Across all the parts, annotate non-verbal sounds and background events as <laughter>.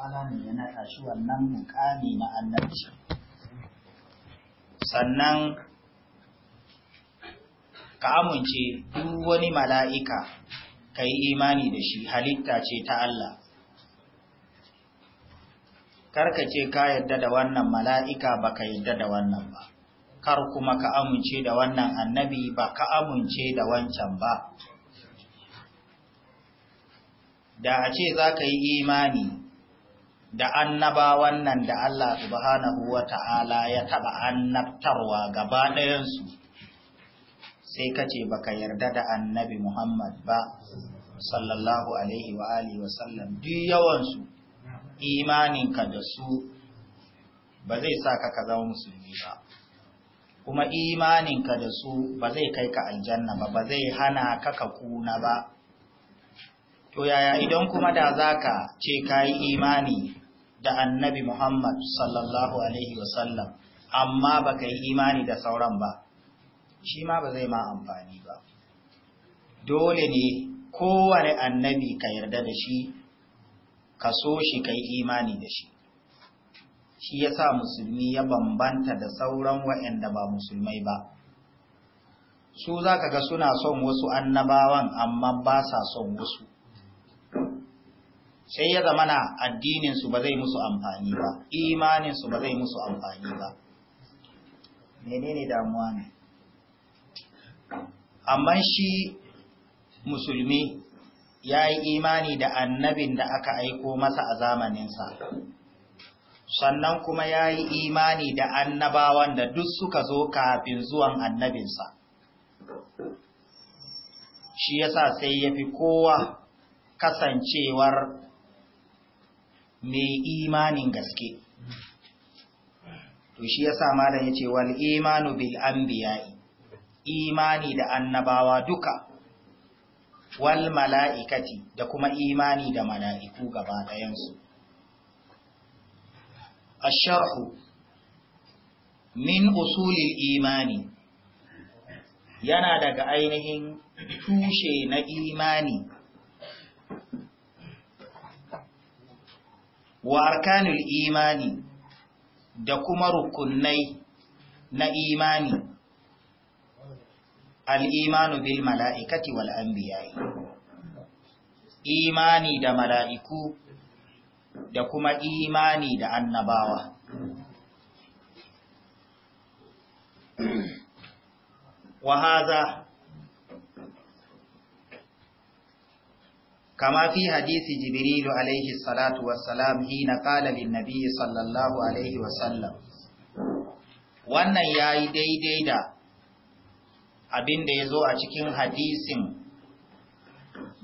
ta'ala ne ya naɗa shi wannan mukami na annabci sannan ka amince duk wani mala'ika ka yi imani da shi halitta ce ta Allah ce ka yadda da wannan mala'ika ba ka yadda da wannan ba kar kuma ka amince da wannan annabi ba ka amince da wancan ba da a ce za ka yi imani da annaba wannan da Allah subhanahu wa ta'ala ya taɓa annabtarwa gaba ɗayansu sai ka ce baka yarda da annabi Muhammad ba sallallahu alaihi wa alihi wa sallam duk yawansu imaninka da su ba zai sa ka ka zama musulmi ba kuma imaninka da su ba zai kai ka aljanna ba ba zai hana ka ka kuna ba to yaya idan kuma da zaka ce kayi imani da annabi Muhammad sallallahu Alaihi wasallam, amma ba ka yi imani da sauran ba, shi ma ba zai ma amfani ba. Dole ne kowane annabi ka yarda da shi, ka so shi ka yi imani da shi. Shi ya sa musulmi ya bambanta da sauran wa'yanda ba musulmai ba. Su za ka ga suna son wasu annabawan amma ba sa son wasu. sai ya zama na addininsu ba zai musu amfani ba imaninsu ba zai musu amfani ba menene damuwa ne amma shi musulmi ya yi imani da annabin da aka aiko masa a zamaninsa sannan kuma ya yi imani da annabawan da duk suka zo kafin zuwan annabinsa shi yasa sai ya fi kowa kasancewar mai imanin gaske to shi yasa malam yace wal imanu bil anbiya'i imani da annabawa duka wal mala'ikati da kuma imani da mala'iku gaba A Asharhu min usulil imani yana daga ainihin tushe na imani wa arkanul imani da kuma rukunai na imani al'imanu bil mala'ikati wal anbiya'i imani da mala'iku da kuma imani da annabawa wa haza kama fi hadisi jibrilu alaihi salatu wassalam hina qala lin nabiy sallallahu alaihi wasallam wannan yayi daidai da abin da yazo a cikin hadisin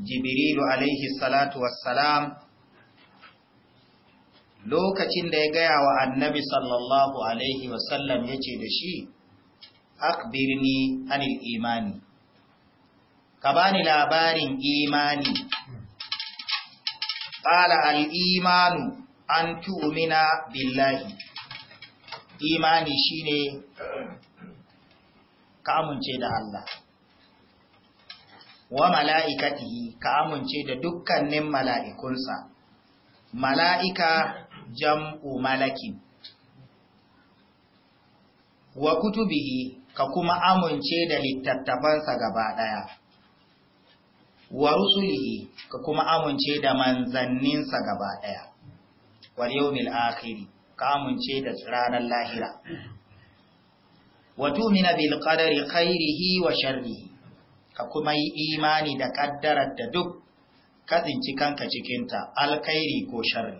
jibrilu alaihi salatu wassalam lokacin da ya gaya wa annabi sallallahu alaihi wasallam ya ce da shi akbirni anil imani ka bani labarin imani qala al-imanu an tu'mina billahi imani shine ka amince da Allah wa mala'ikatihi ka amince da dukkanin mala'ikunsa mala'ika jam'u malakin wa kutubihi ka kuma amince da littattafansa gaba ɗaya wa rusulihi ka kuma amince da manzanninsa gaba ɗaya wal yawmil akhir ka amince da ranar lahira wa tu'mina bil qadari khairihi wa sharrihi ka kuma yi imani da kaddarar da duk ka tsinci kanka cikinta alkhairi ko sharri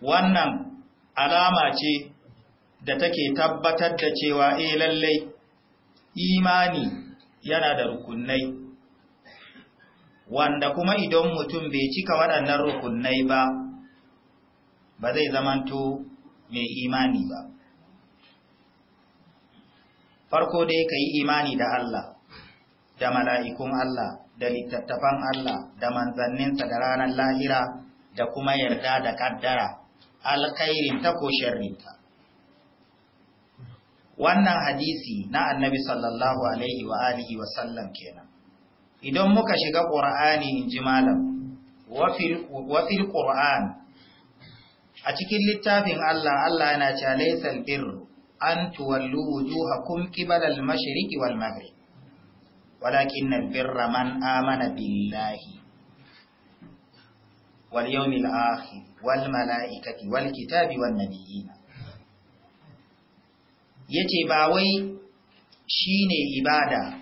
wannan alama ce da take tabbatar da cewa eh lallai imani yana da rukunai wanda kuma idan mutum bai cika waɗannan rukunai ba ba zai zamanto mai imani ba farko dai ka yi imani da Allah da mala'ikun Allah da littattafan Allah da manzanninsa da ranar lahira da kuma yarda da ƙaddara alkhairin ta ko sharrinta wannan hadisi na annabi sallallahu alaihi wa alihi wa sallam kenan idan muka shiga qur'ani in ji malam wa fil qur'an a cikin littafin Allah Allah yana cewa laysal birru an tuwallu wujuhakum qibala al-mashriqi wal maghrib walakin al-birra man amana billahi wal yawmil akhir wal mala'ikati wal kitabi wan nabiyyin yace ba wai shine ibada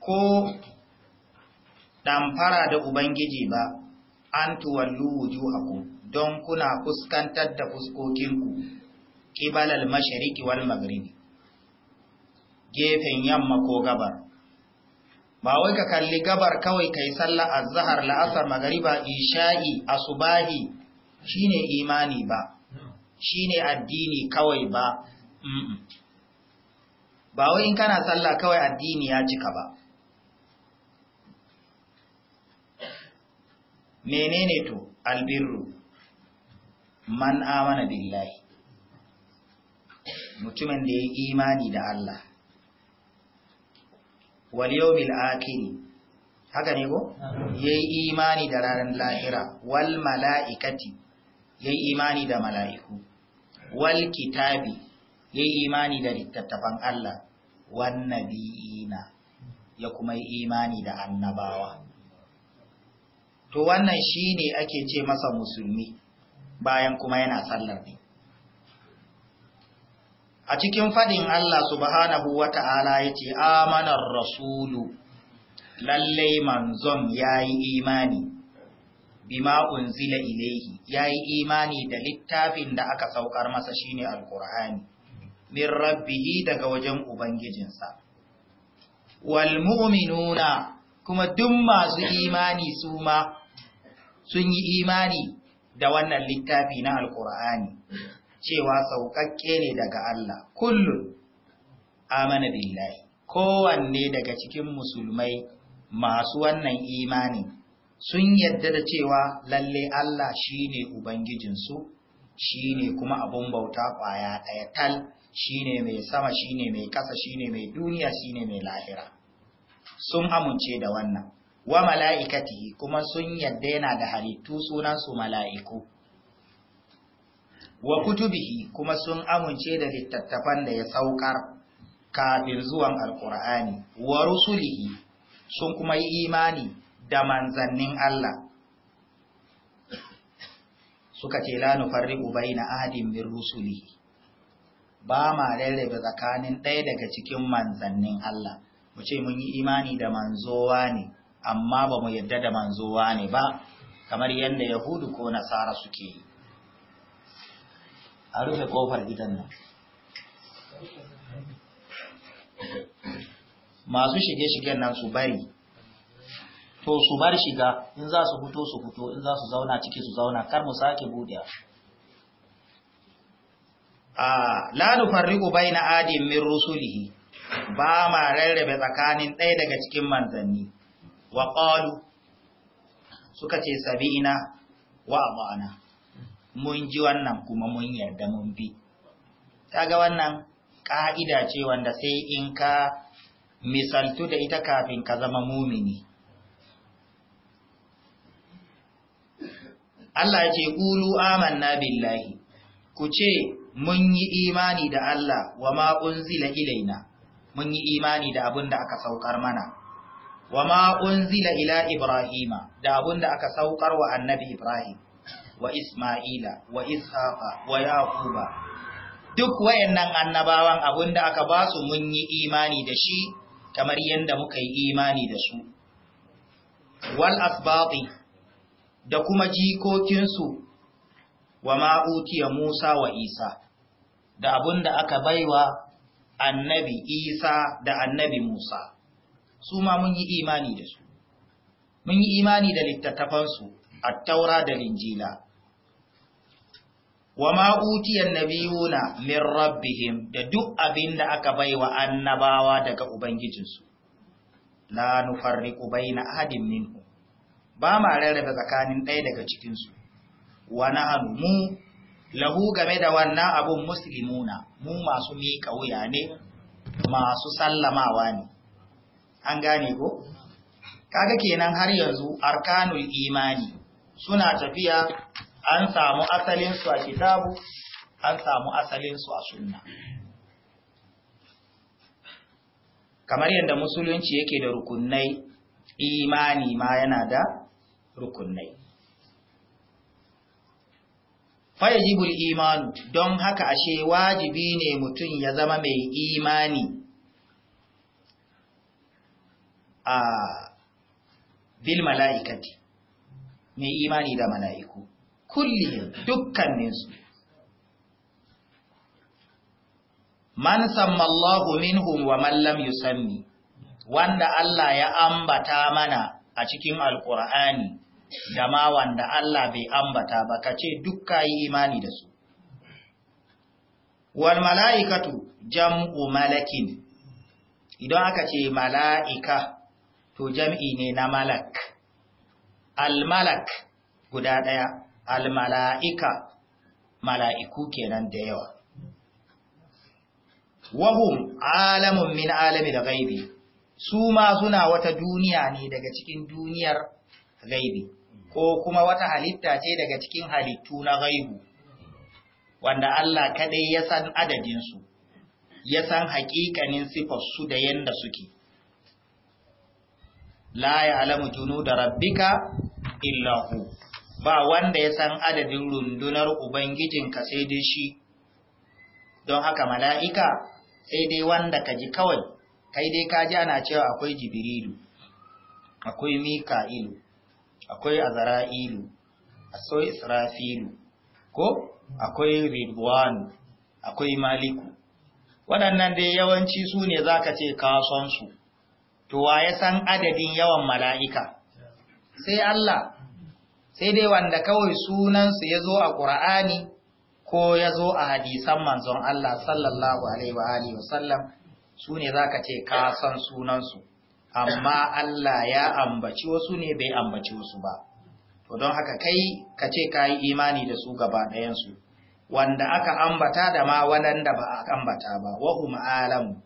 ko damfara da ubangiji ba an tuwallu wujuhakum don kuna fuskantar da fuskokinku kibalal mashariqi wal maghribi gefen yamma ko gabar ba wai ka kalli gabar kawai kai sallah azhar la'asar magariba isha'i asubahi shine imani ba shine addini kawai ba ba wai in kana sallah kawai addini ya cika ba menene to albirru man amana billahi mutumin da ya yi imani da Allah wal yawmil akhir haka ne ko ya imani da ranar lahira wal mala'ikati ya yi imani da mala'iku wal kitabi ya imani da littattafan Allah wannabi'ina ya kuma yi imani da annabawa to wannan shi shine ake ce masa musulmi bayan kuma yana sallar ne a cikin fadin Allah subhanahu wata'ala ta'ala ya ce, Amanar Rasulu, lallai manzon ya yi imani, bima unzila ilaihi, ya yi imani da littafin da aka saukar masa shine Alƙur'ani. min rabbihi daga wajen ubangijinsa wal mu'minuna kuma duk masu imani su ma sun yi imani da wannan littafi na alkur'ani cewa saukakke ne daga Allah kullum amana billahi kowanne daga cikin musulmai masu wannan imani sun yadda da cewa lalle Allah shine ubangijinsu shine kuma abun bauta kwaya ɗaya tal shine mai sama shine mai ƙasa shine mai duniya shine mai lahira sun amince da wannan wa mala'ikati kuma sun yadda yana da halittu sunansu mala'iku wa kutubihi kuma sun amince da littattafan da ya saukar kafin zuwan alkur'ani wa rusulihi sun kuma yi imani da manzannin Allah suka ce la nufarriqu na ahadin min rusulihi ba ma rarraba tsakanin ɗaya daga cikin manzannin Allah mu ce mun yi imani da manzowa ne amma ba mu yadda da manzowa ne ba kamar yadda yahudu ko nasara suke yi a rufe kofar gidan nan masu shige-shigen nan su bari to su bar shiga in za su fito su fito in za su zauna ciki su zauna kar mu sake buɗe Ah, la nufarriqu baina adin min rusulihi ba ma rarrabe tsakanin ɗaya daga cikin manzanni wa qalu suka ce sabi'ina wa abana mun ji wannan kuma mun yarda mun bi kaga wannan ka'ida ce wanda sai in ka misaltu da ita kafin ka zama mumini Allah ya ce qulu amanna billahi ku ce mun yi imani da Allah wa ma unzila ilaina mun yi imani da abin da aka saukar mana wa ma unzila ila ibrahima da abin da aka saukar wa annabi ibrahim wa isma'ila wa ishaqa wa yaquba duk wayannan annabawan abin da aka ba su mun yi imani da shi kamar yanda muka yi imani da su wal asbati da kuma jikokinsu wa ma'utiya Musa wa Isa da abun da aka baiwa annabi Isa da annabi Musa, su ma mun yi imani da su, mun yi imani da littattafansu a taura da linjila. Wa ma'utiyar nabiyuna min rabbihim da duk abin da aka baiwa annabawa daga Ubangijinsu, la nufarriku bai na ahadin minhu, ba ma rarraba tsakanin ɗaya daga cikinsu, wa na mu lahu game da wannan abun muslimuna mu masu miƙa wuya ne masu sallamawa ne an gane ko kaga kenan har yanzu arkanul imani suna tafiya an samu asalin su a kitabu an samu asalin su a sunna kamar yadda musulunci yake da rukunai imani ma yana da rukunai fayajibul imanu don haka ashe wajibi ne mutum ya zama mai imani a bil mala'ikati mai imani da mala'iku kullum dukkaninsu man sammallahu minhum wa mallam yusanni wanda Allah ya ambata mana a cikin Alƙur'ani. da wanda Allah bai ambata ba ka ce duk kayi imani da su. Wal mala'ikatu jam'u malakin, idan aka ce mala'ika to jam'i ne na malak, al-malak guda ɗaya, al-mala'ika mala'iku kenan da yawa. Wahum alamun min alami da gaibi, su ma suna wata duniya ne daga cikin duniyar gaibi. ko kuma wata halitta ce daga cikin halittu na gaibu wanda Allah kaɗai ya san adadinsu ya san haƙiƙanin su da yadda suke la ya alamu junu da rabbika illahu ba wanda ya san adadin rundunar Ubangijin ka sai dai shi don haka mala'ika sai dai wanda ka ji kawai kai dai ka ji ana cewa akwai jibrilu akwai mika'ilu akwai azara'ilu akwai israfilu ko akwai ridwanu akwai maliku waɗannan dai yawanci su ne za ka ce su. to wa ya san adadin yawan mala'ika sai Allah sai dai wanda kawai sunansu ya zo a ƙura'ani ko ya zo a hadisan manzon Allah sallallahu Alaihi wa'alihi wasallam su ne za ka ce sunansu amma Allah ya ambaci wasu ne bai ambaci wasu ba to don haka kai ka ce ka yi imani da su gaba ɗayansu wanda aka ambata da ma waɗanda ba a ambata ba wahum ma'alamu,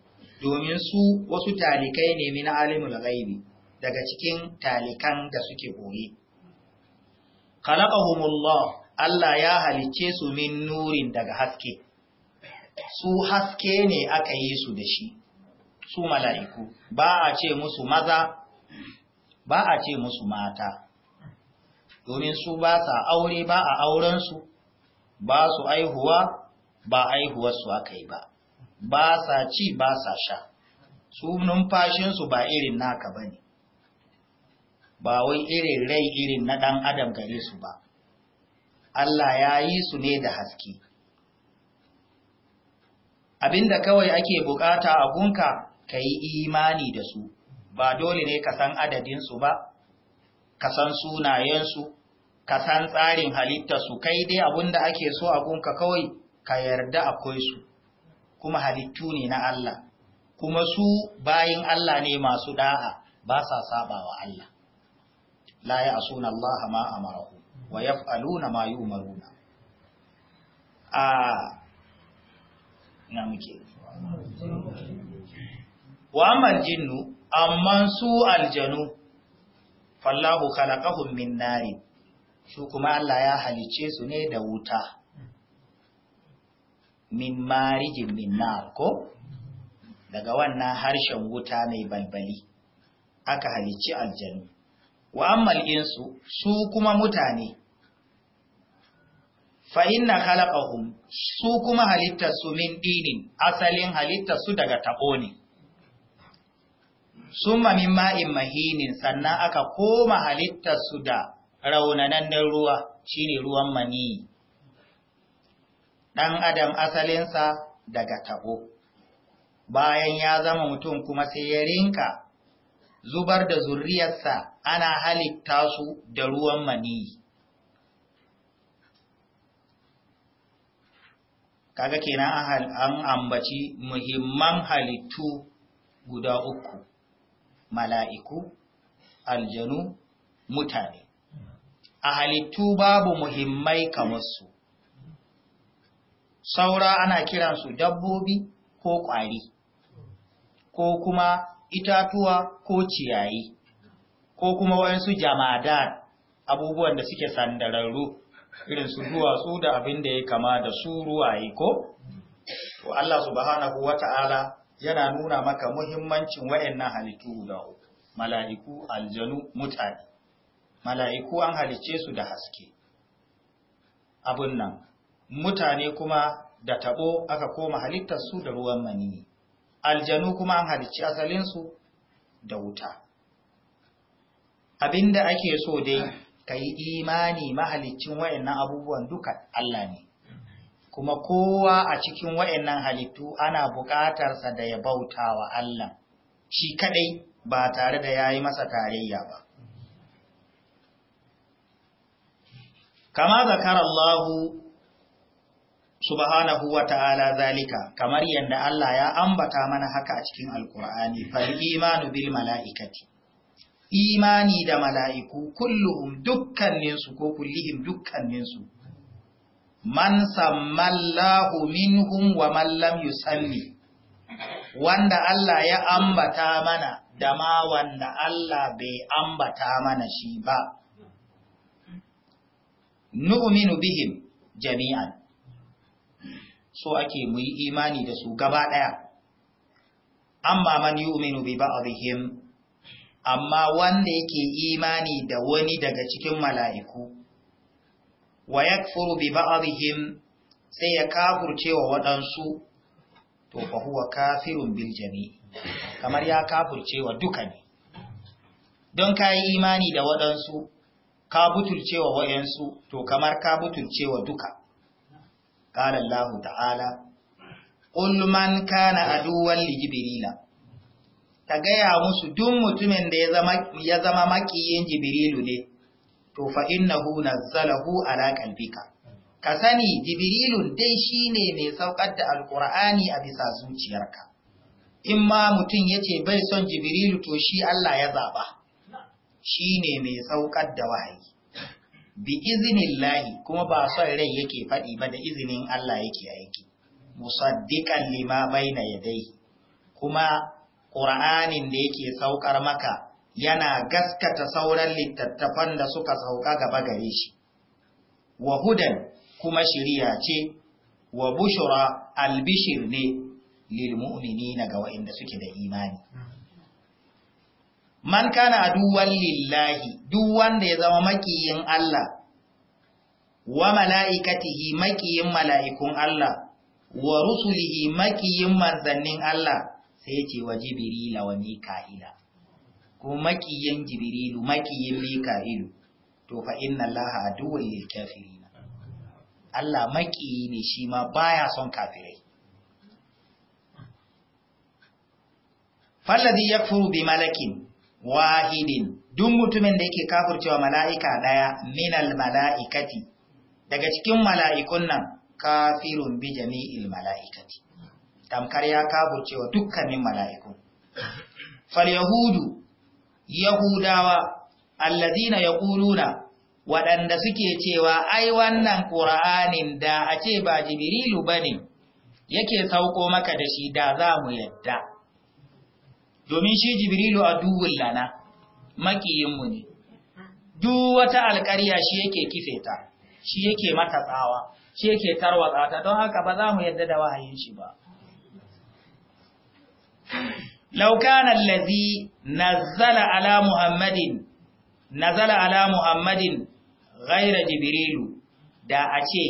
domin su wasu talikai ne min alimul ghaibi daga cikin talikan da suke koyi khalaqahumullah Allah ya halicce su min nurin daga haske su haske ne aka yi su da shi su mala'iku ba a ce musu maza ba a ce musu mata domin su ba sa aure ba a aurensu ba su aihuwa ba aihuwarsu aka yi ba ba sa ci ba sa sha su numfashinsu ba irin naka ba ne ba wai irin rai irin na ɗan adam gare su ba Allah ya yi su ne da haske abinda kawai ake bukata a gunka ka yi imani da su ba dole ne ka san adadinsu ba ka san sunayensu ka san tsarin halittarsu kai dai abinda ake so a kawai ka yarda akwai su kuma halittu ne na Allah kuma su bayin Allah ne masu da'a ba sa saba wa Allah la ya asuna Allah ma amaru wa yaf'aluna ma yumaruna a ah, na muke wa amman jinnu amman su aljanu fallahu khalaqahum min narin su kuma Allah ya halice su ne da wuta min marijin min nar ko daga wannan harshen wuta mai balbali aka halice aljanu wa amal insu su kuma mutane fa inna khalaqahum su kuma halitta su min dinin asalin halitta su daga tabo ne summa min ma'in mahinin sannan aka koma halittar su da raunanannen ruwa shine ruwan mani ɗan adam asalinsa daga tabo bayan ya zama mutum kuma sai ya rinka zubar da zurriyarsa ana halitta su da ruwan mani kaga kenan an ambaci muhimman halittu guda uku mala'iku aljanu mutane a halittu babu muhimmai kamar su saura ana kiransu dabbobi ko ƙwari ko kuma itatuwa ko ciyayi ko kuma wayansu jamadan abubuwan da suke sandararru irin su duwatsu da abin da ya kama da su ruwaye ko? To Allah subhanahu wa ta'ala yana nuna maka muhimmancin wayannan halittu guda uku mala'iku aljanu mutane mala'iku an halicce su da haske abun nan mutane kuma da taɓo aka koma halittar su da ruwan maniyi aljanu kuma an halicci asalinsu da wuta abinda ake so dai ka yi imani mahalicin wayannan abubuwan duka Allah ne kuma kowa a cikin wa'annan halittu ana buƙatarsa da ya bauta wa Allah shi kadai ba tare da ya yi masa tarayya ba. Kama zakar Allahu subhanahu wa ta'ala zalika, kamar yadda Allah ya ambata mana haka a cikin Alƙur'ani, fari imanu bil mala'ikati. Imani da mala'iku kulluhum dukkaninsu ko kullihim dukkaninsu. man sammallahu minhum wa man lam yusalli wanda Allah ya ambata mana da ma wanda Allah bai ambata mana shi ba nu'minu bihim jami'an so ake mu imani da su gaba daya amma man yu'minu bi ba'dihim amma wanda yake imani da wani daga cikin mala'iku wa yakfuru bi ba'dihim sai ya kafurce wa waɗansu to fa huwa kafirun bil jami' kamar ya kafurce wa duka ne don kai imani da waɗansu ka butulce wa waɗansu to kamar ka butulce wa duka qala Allah ta'ala qul man kana aduwwan li jibrila gaya musu duk mutumin da ya zama ya zama makiyin jibrilu ne to fa innahu nazzalahu ala qalbika ka sani jibrilun dai shine mai saukar da alqur'ani a bisa zuciyarka in ma mutum yace bai son jibrilu to shi Allah ya zaba shine mai saukar da wahayi bi iznillahi kuma ba son rai yake faɗi ba da izinin Allah yake aiki musaddiqan lima baina yadayhi kuma Qur'anin da yake saukar maka yana gaskata sauran littattafan da suka sauka gaba gare shi wa hudan kuma shiriya ce wa bushura albishir ne lil na ga waɗanda suke da imani man kana aduwan lillahi duk wanda ya zama makiyin Allah wa mala'ikatihi makiyin mala'ikun Allah wa rusulihi makiyin manzannin Allah sai ce wa jibirila wa ka'ida. ko makiyin jibrilu makiyin mika'ilu to fa inna allaha aduwwul lil kafirin Allah makiyi ne shi ma baya son kafirai falladhi yakfuru bi malakin wahidin duk mutumin da yake kafurcewa mala'ika daya minal mala'ikati daga cikin mala'ikun nan kafirun bi jami'il mala'ikati tamkar ya kafurcewa dukkanin mala'ikun fal yahudu yahudawa alladina yaquluna waɗanda suke cewa ai wannan qur'anin da a ce ba jibrilu bane yake sauko maka da shi da za yadda domin shi jibrilu a lana lana mu ne duk wata alƙarya shi yake kifeta, shi yake mata tsawa shi yake tarwatsa ta don haka ba za mu yadda da wahayin shi ba laukanan lazi nazala ala muhammadin nazala ala muhammadin ghaira jibrilu da a ce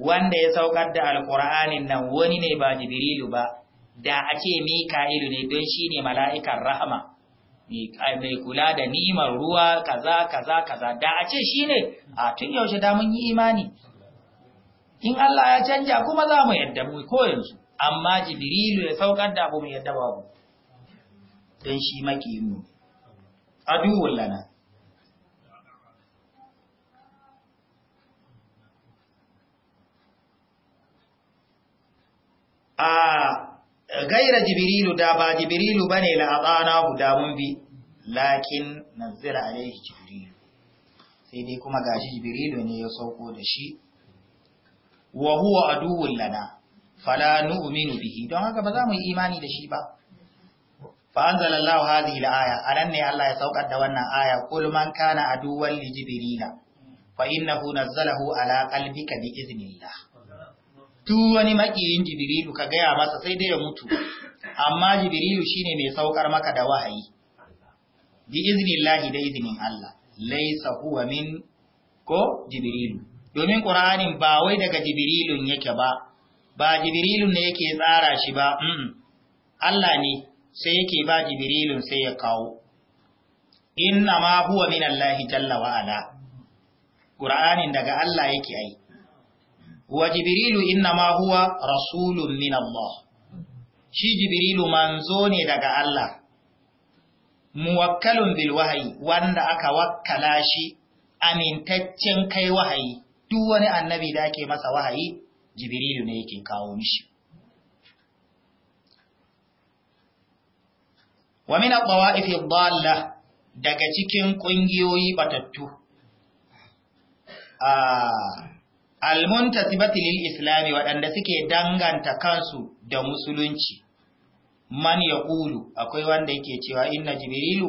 wanda ya saukar da alkur'anin nan wani ne ba jibrilu ba da a ce mika'ilu ne don shi ne mala'ikan rahama mai kula da nimar ruwa kaza kaza kaza da a ce shi ne a tun yaushe da mun yi imani in Allah ya canja kuma za mu yadda mu ko yanzu amma jibrilu ya saukar da abu mu yadda babu don shi makimu aduwun lana a gaira jibrilu da ba jibrilu bane la'adana guda mun bi lakin nazira alaihi jibirilu, sai dai kuma gashi jibrilu ne ya sauko da shi wa huwa aduwwun lana fala nu'uminu bihi don haka ba za mu yi imani da shi ba fa anzalallahu hadhihi al-aya ne Allah ya saukar da wannan aya kul man kana aduwwan li jibrila fa innahu nazzalahu ala qalbika bi iznillah duk wani makiyin jibrilu ka gaya masa sai dai ya mutu amma jibrilu shine mai saukar maka da wahayi bi iznillahi da iznin Allah laisa huwa min ko jibrilu domin qur'anin ba wai daga jibrilun yake ba ba jibrilun ne yake tsara shi ba Allah ne sai yake ba jibrilun sai ya kawo inna ma huwa min Allah jalla wa ala qur'anin daga Allah yake ai wa jibrilu inna ma huwa rasulun min Allah shi jibrilu manzo ne daga Allah muwakkalun bil wahyi wanda aka wakkala shi amintaccen kai wahayi duk wani annabi da ake masa wahayi jibrilu ne yake kawo mishi wa min at-tawa'if daga cikin ƙungiyoyi batattu ah, al-muntasibati lil islami waɗanda suke danganta kansu da musulunci man yaqulu akwai wanda yake cewa inna jibrilu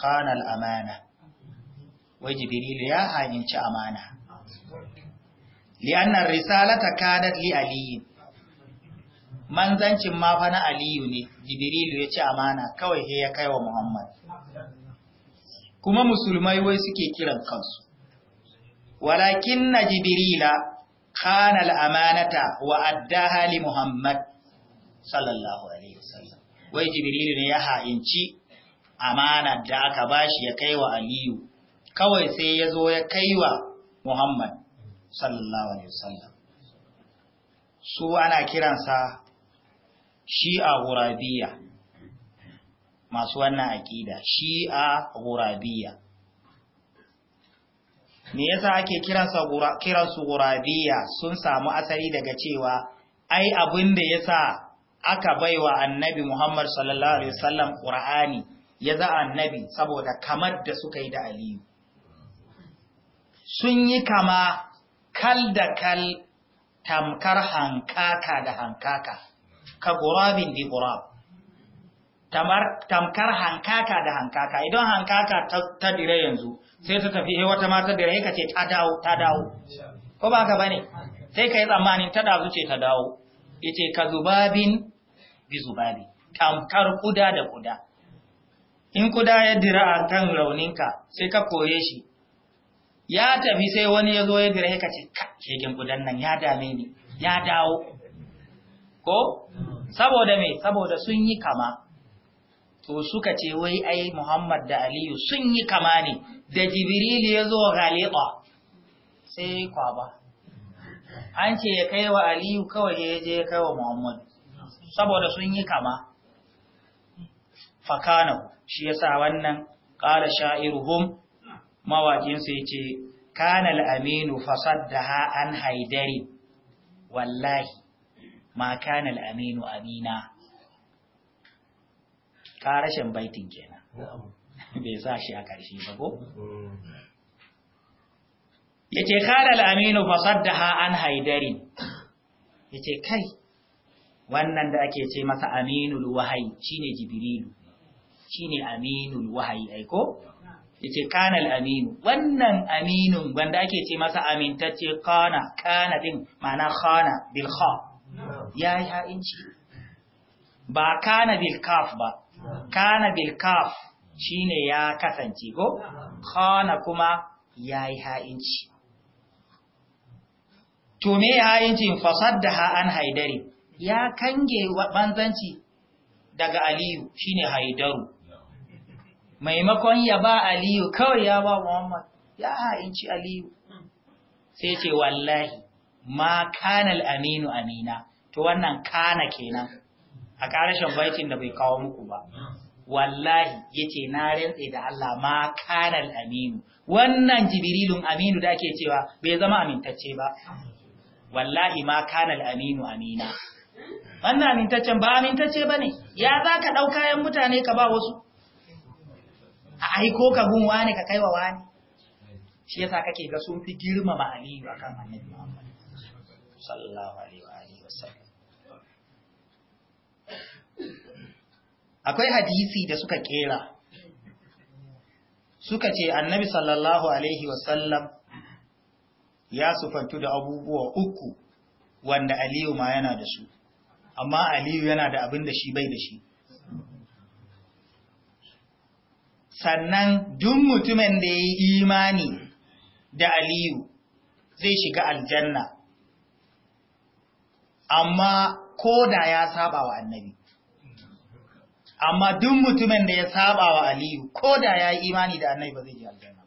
kana amana wai jibrilu ya haninci amana li'anna ar-risalata kadat li aliyin manzancin ma fa na aliyu ne jibrilu ya ci amana kawai he ya kai wa muhammad kuma musulmai wai suke kiran kansu walakin na jibrila kana amanata wa addaha li muhammad sallallahu alaihi wasallam wai jibrilu ne ya ha'inci amana da aka bashi ya kai wa aliyu kawai sai ya zo ya kai wa muhammad sallallahu alaihi wasallam su ana kiransa shi'a gurabiya masu wannan aƙida shi'a gurabiya me yasa ake kiransu gurabiya sun samu asali daga cewa ai abin da ya sa aka baiwa annabi Muhammad sallallahu Alaihi wasallam ƙura'ani ya za annabi saboda kamar da suka yi da Aliyu. Sun yi kama kal da kal tamkar hankaka da hankaka. ka gurabin bi gurab tamkar hankaka da hankaka idan hankaka ta dire yanzu sai ta tafi he wata mata dire ka ce ta dawo ta dawo ko ba ka bane sai kai tsammanin ta dawo ce ta dawo yace ka zubabin bi zubabi tamkar kuda da kuda in kuda ya dira kan rauninka sai ka koye shi ya tafi sai wani ya zo ya dire ka ce ka kegen kudan nan ya dame ni ya dawo ko saboda me saboda sun yi kama to suka ce wai ai Muhammad da Aliyu sun yi kama ne da Jibrilu ya zo galiba sai kwaba an ce ya kai wa Aliyu kawai ya je ya kai wa Muhammad saboda sun yi kama Fakano shi yasa wannan qala sha'iruhum mawakin su yace kana al-aminu fasaddaha an haidari wallahi ma kana al-aminu amina karashin baitin kenan <laughs> bai sa shi a ƙarshe ba ko mm. yace kana al-aminu fa ha an haidarin ce kai wannan da ake ce masa aminul wahayi shine jibrilu shine aminul wahayi ai ko yace kana al-aminu wannan aminun wanda ake ce masa amintacce kana kana ɗin ma'ana khana bil ya yi ha'inci ba kana bilkaf ba kana bilkaf shine ya kasance ko kana kuma ya yi ha'inci to me ha'incin da an haidari ya kange banzanci daga aliyu shine haidaru maimakon ya ba aliyu kawai ya ba muhammad ya ha'inci aliyu sai ce wallahi ma kanal aminu amina to wannan kana kenan a ƙarashin baitin da bai kawo muku ba wallahi yace na rantse da Allah ma kanal aminu wannan jibrilun aminu da ake cewa bai zama amintacce ba wallahi ma kanal aminu amina wannan amintaccen ba amintacce bane ya zaka dauka yan mutane ka ba wasu a aiko ka gun wani ka kaiwa wani shi yasa kake ga sun fi girmama aliyu akan annabi Muhammad sallallahu alaihi wa alihi wasallam akwai hadisi da suka kera suka ce annabi sallallahu alaihi wasallam ya sufantu da abubuwa uku wanda aliyu ma yana da su amma aliyu yana da abin da shi bai da shi sannan duk mutumin da ya imani da aliyu zai shiga aljanna amma ko da ya saba wa annabi amma duk mutumin da ya saba wa aliyu ko da ya yi imani da annai ba zai yi aljanna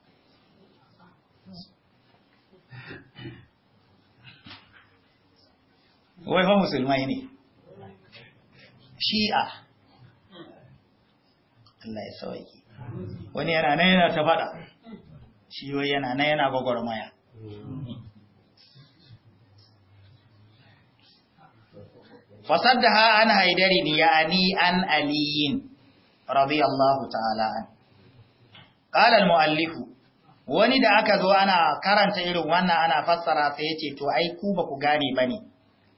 wai fa musulmai ne shi'a Allah ya sauki wani yana nan yana ta faɗa shi wai yana nan yana gwagwarmaya fasaddaha an haidarin ya'ani an aliyin radiyallahu ta'ala an qala al-muallifu wani da aka zo ana karanta irin wannan ana fassara sai yace to ai ku ba ku gane bane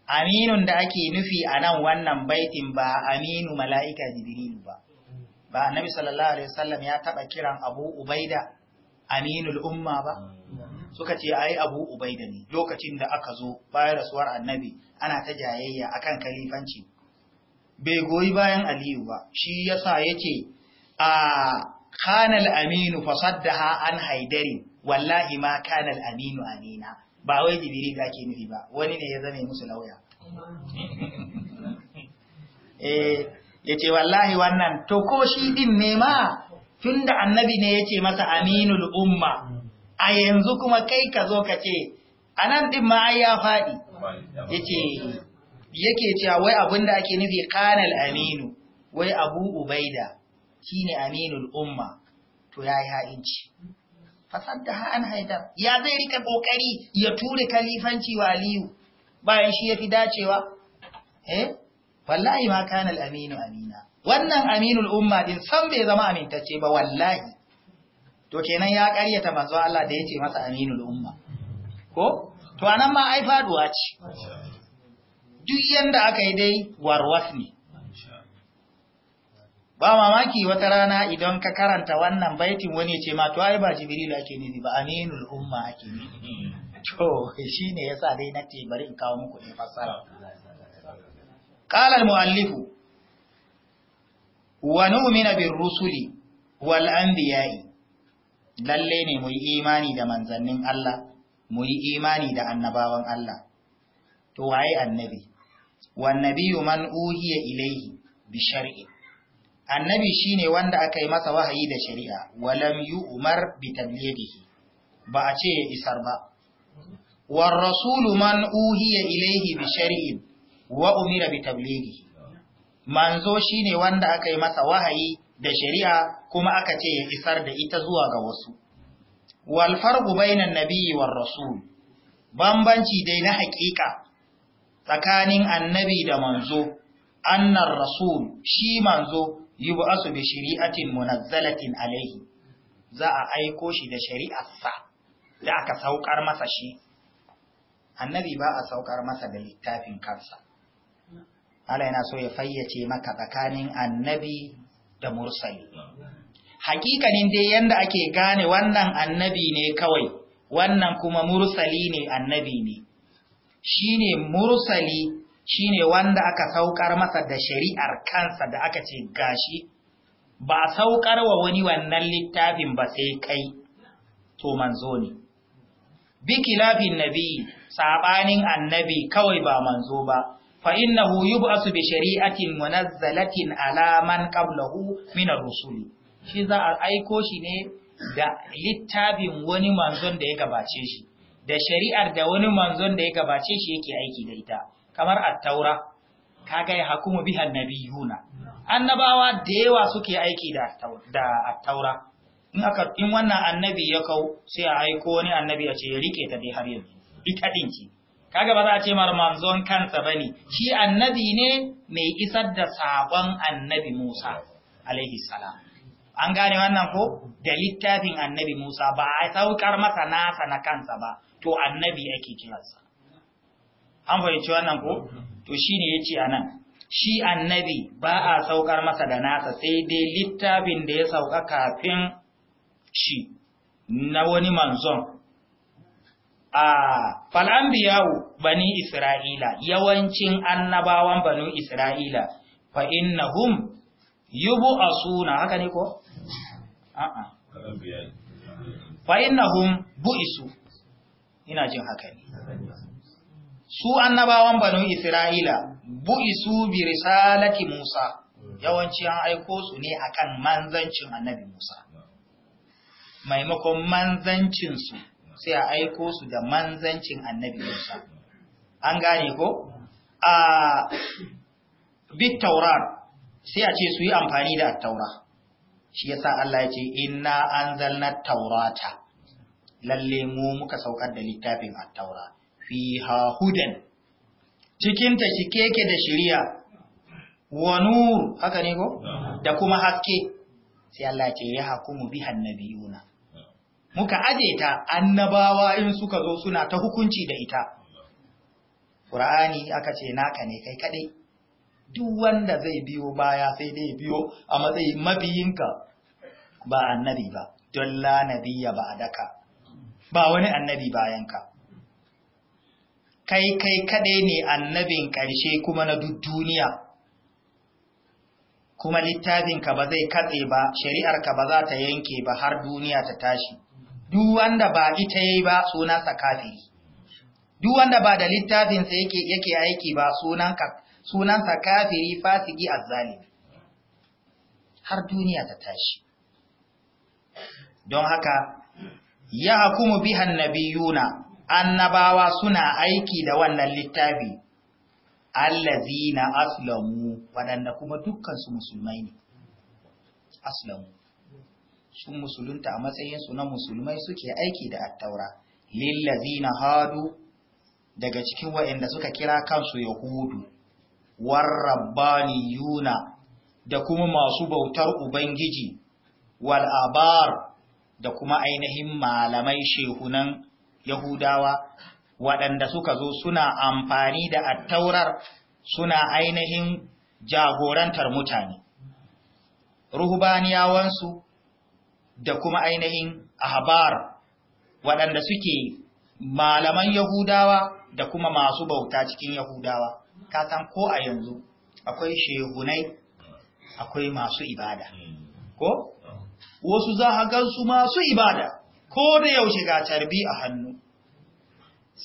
aminun da ake nufi anan wannan baitin ba aminu mala'ika jibril ba ba annabi sallallahu alaihi wasallam ya taba kiran abu ubaida aminul umma ba suka ce ai abu ubaida ne lokacin da aka zo bayan rasuwar annabi ana ta jayayya akan kalifanci bai goyi bayan aliyu ba shi yasa yace a kanal aminu fasaddaha an haidari wallahi ma kanal aminu amina ba wai da ke nufi ba wani ne ya zame musu lauya <laughs> eh yace wallahi wannan to ko shi din ne ma tunda annabi ne yace masa aminul umma a yanzu kuma kai ka zo ka ce a nan ɗin ma ai ya faɗi yake cewa wai abin da ake nufi kanal aminu wai abu ubaida shine aminul umma to ya yi ha'inci da ha'an haidar ya zai rika ƙoƙari ya ture kalifanci wa aliyu bayan shi ya fi dacewa eh wallahi ma kanal aminu amina wannan aminul umma din san bai zama amintacce ba wallahi to kenan ya ƙaryata manzo Allah da yace masa aminul umma ko to anan ma ai faduwa ce duk yanda aka yi dai warwas ne ba mamaki wata rana idan ka karanta wannan baitin wani ce ma to ai ba jibril ake nufi ba aminul umma ake nufi to shine yasa dai nace bari in kawo muku ne fassara qala al muallif wa nu'minu bir rusuli wal anbiya'i lalle ne mu yi imani da manzannin Allah mu yi imani da annabawan Allah to waye annabi wan nabiyyu man uhiya ilaihi bi shar'i annabi shine wanda aka yi masa wahayi da shari'a walam yu'mar bi tablighihi ba a ce ya isar ba war rasulu man uhiya ilaihi bi shar'in wa umira bi tablighihi manzo shine wanda aka yi masa wahayi da shari'a kuma aka ce ya isar da ita zuwa ga wasu walfar gubainan nabi wa rasul bambanci dai na haƙiƙa tsakanin annabi da manzo annan rasul shi manzo yi yub'asu bi shari'atin munazzalatin alaihi za a aiko shi da shari'arsa da aka saukar masa shi annabi ba a saukar masa da littafin kansa Allah yana so ya fayyace maka tsakanin annabi da mursali hakikanin dai yanda ake gane wannan annabi ne kawai wannan kuma mursali ne annabi ne shine mursali shine wanda aka saukar masa da shari'ar kansa da aka ce gashi ba a saukar wa wani wannan littafin ba sai kai to manzo ne bi kilafin nabi sabanin annabi kawai ba manzo ba fa innahu yub'asu bi shari'atin munazzalatin zalatin alaman qablahu min rusuli shi za a aiko shi ne da littafin wani manzon da ya gabace shi da shari'ar da wani manzon da ya gabace shi yake aiki da ita kamar at-taura kaga ya hukumu biha nabiyuna annabawa da yawa suke aiki da da taura in wannan annabi ya kau sai a aiko wani annabi a ce ya rike ta dai har yanzu ita kaga ba za a ce mar manzon kansa bane shi annabi ne mai isar da sabon annabi Musa alaihi salam an gane wannan ko da littafin annabi Musa ba a saukar masa nasa na kansa ba to annabi yake kiransa an fahimci wannan ko to shine yace anan shi annabi ba a saukar masa da nasa sai dai littafin da ya sauka kafin shi na wani manzon a fal'ambiyawu bani Isra'ila, yawancin annabawan bani Isra'ila, fa innahum yubu a suna haka ne ko? A'a. Fa innahum bu'isu, ina jin haka ne. Su annabawan bani Isra'ila, bu'isu bi risalati Musa, yawanci an aiko su ne akan manzancin annabi Musa, maimakon manzancinsu. sai a aiko su da manzancin annabi Musa an gane ko a bit taurar sai a ce su yi amfani da taura shi yasa Allah ya ce inna anzalna taurata lalle mu muka saukar da littafin at-taura fiha hudan cikin ta keke da shiriya wa haka ne ko da kuma haske sai Allah ya ce ya bi bihan nabiyuna muka aje ta annabawa in suka zo suna ta hukunci da ita Qur'ani aka ce naka ne kai kadai duk wanda zai biyo baya sai dai biyo a matsayin mabiyinka ba annabi ba don la nabiyya ba daka ba wani annabi bayanka kai kai kadai ne annabin ƙarshe kuma na duk duniya kuma littafinka ba zai katse ba shari'arka ba za ta yanke ba har duniya ta tashi duk wanda ba ita yayi ba sunansa kafiri duk wanda ba da littafin sa yake yake aiki ba sunanka sunansa kafiri fasiki azali har duniya ta tashi don haka ya hakumu bihan annabiyuna annabawa suna aiki da wannan littafi allazina aslamu waɗanda kuma dukkansu musulmai ne aslamu sun musulunta a matsayinsu na musulmai suke aiki da attaura lillazina hadu daga cikin waɗanda suka kira kansu yahudu yuna, da kuma masu bautar ubangiji wal'abar, abar da kuma ainihin malamai shehunan yahudawa waɗanda suka zo suna amfani da attaurar suna ainihin jagorantar mutane ruhubaniyawansu da kuma ainihin ahbar waɗanda suke malaman Yahudawa da kuma masu bauta cikin Yahudawa ka san ko a yanzu akwai shehunai akwai masu ibada ko wasu za a gansu masu ibada ko da yaushe ga carbi a hannu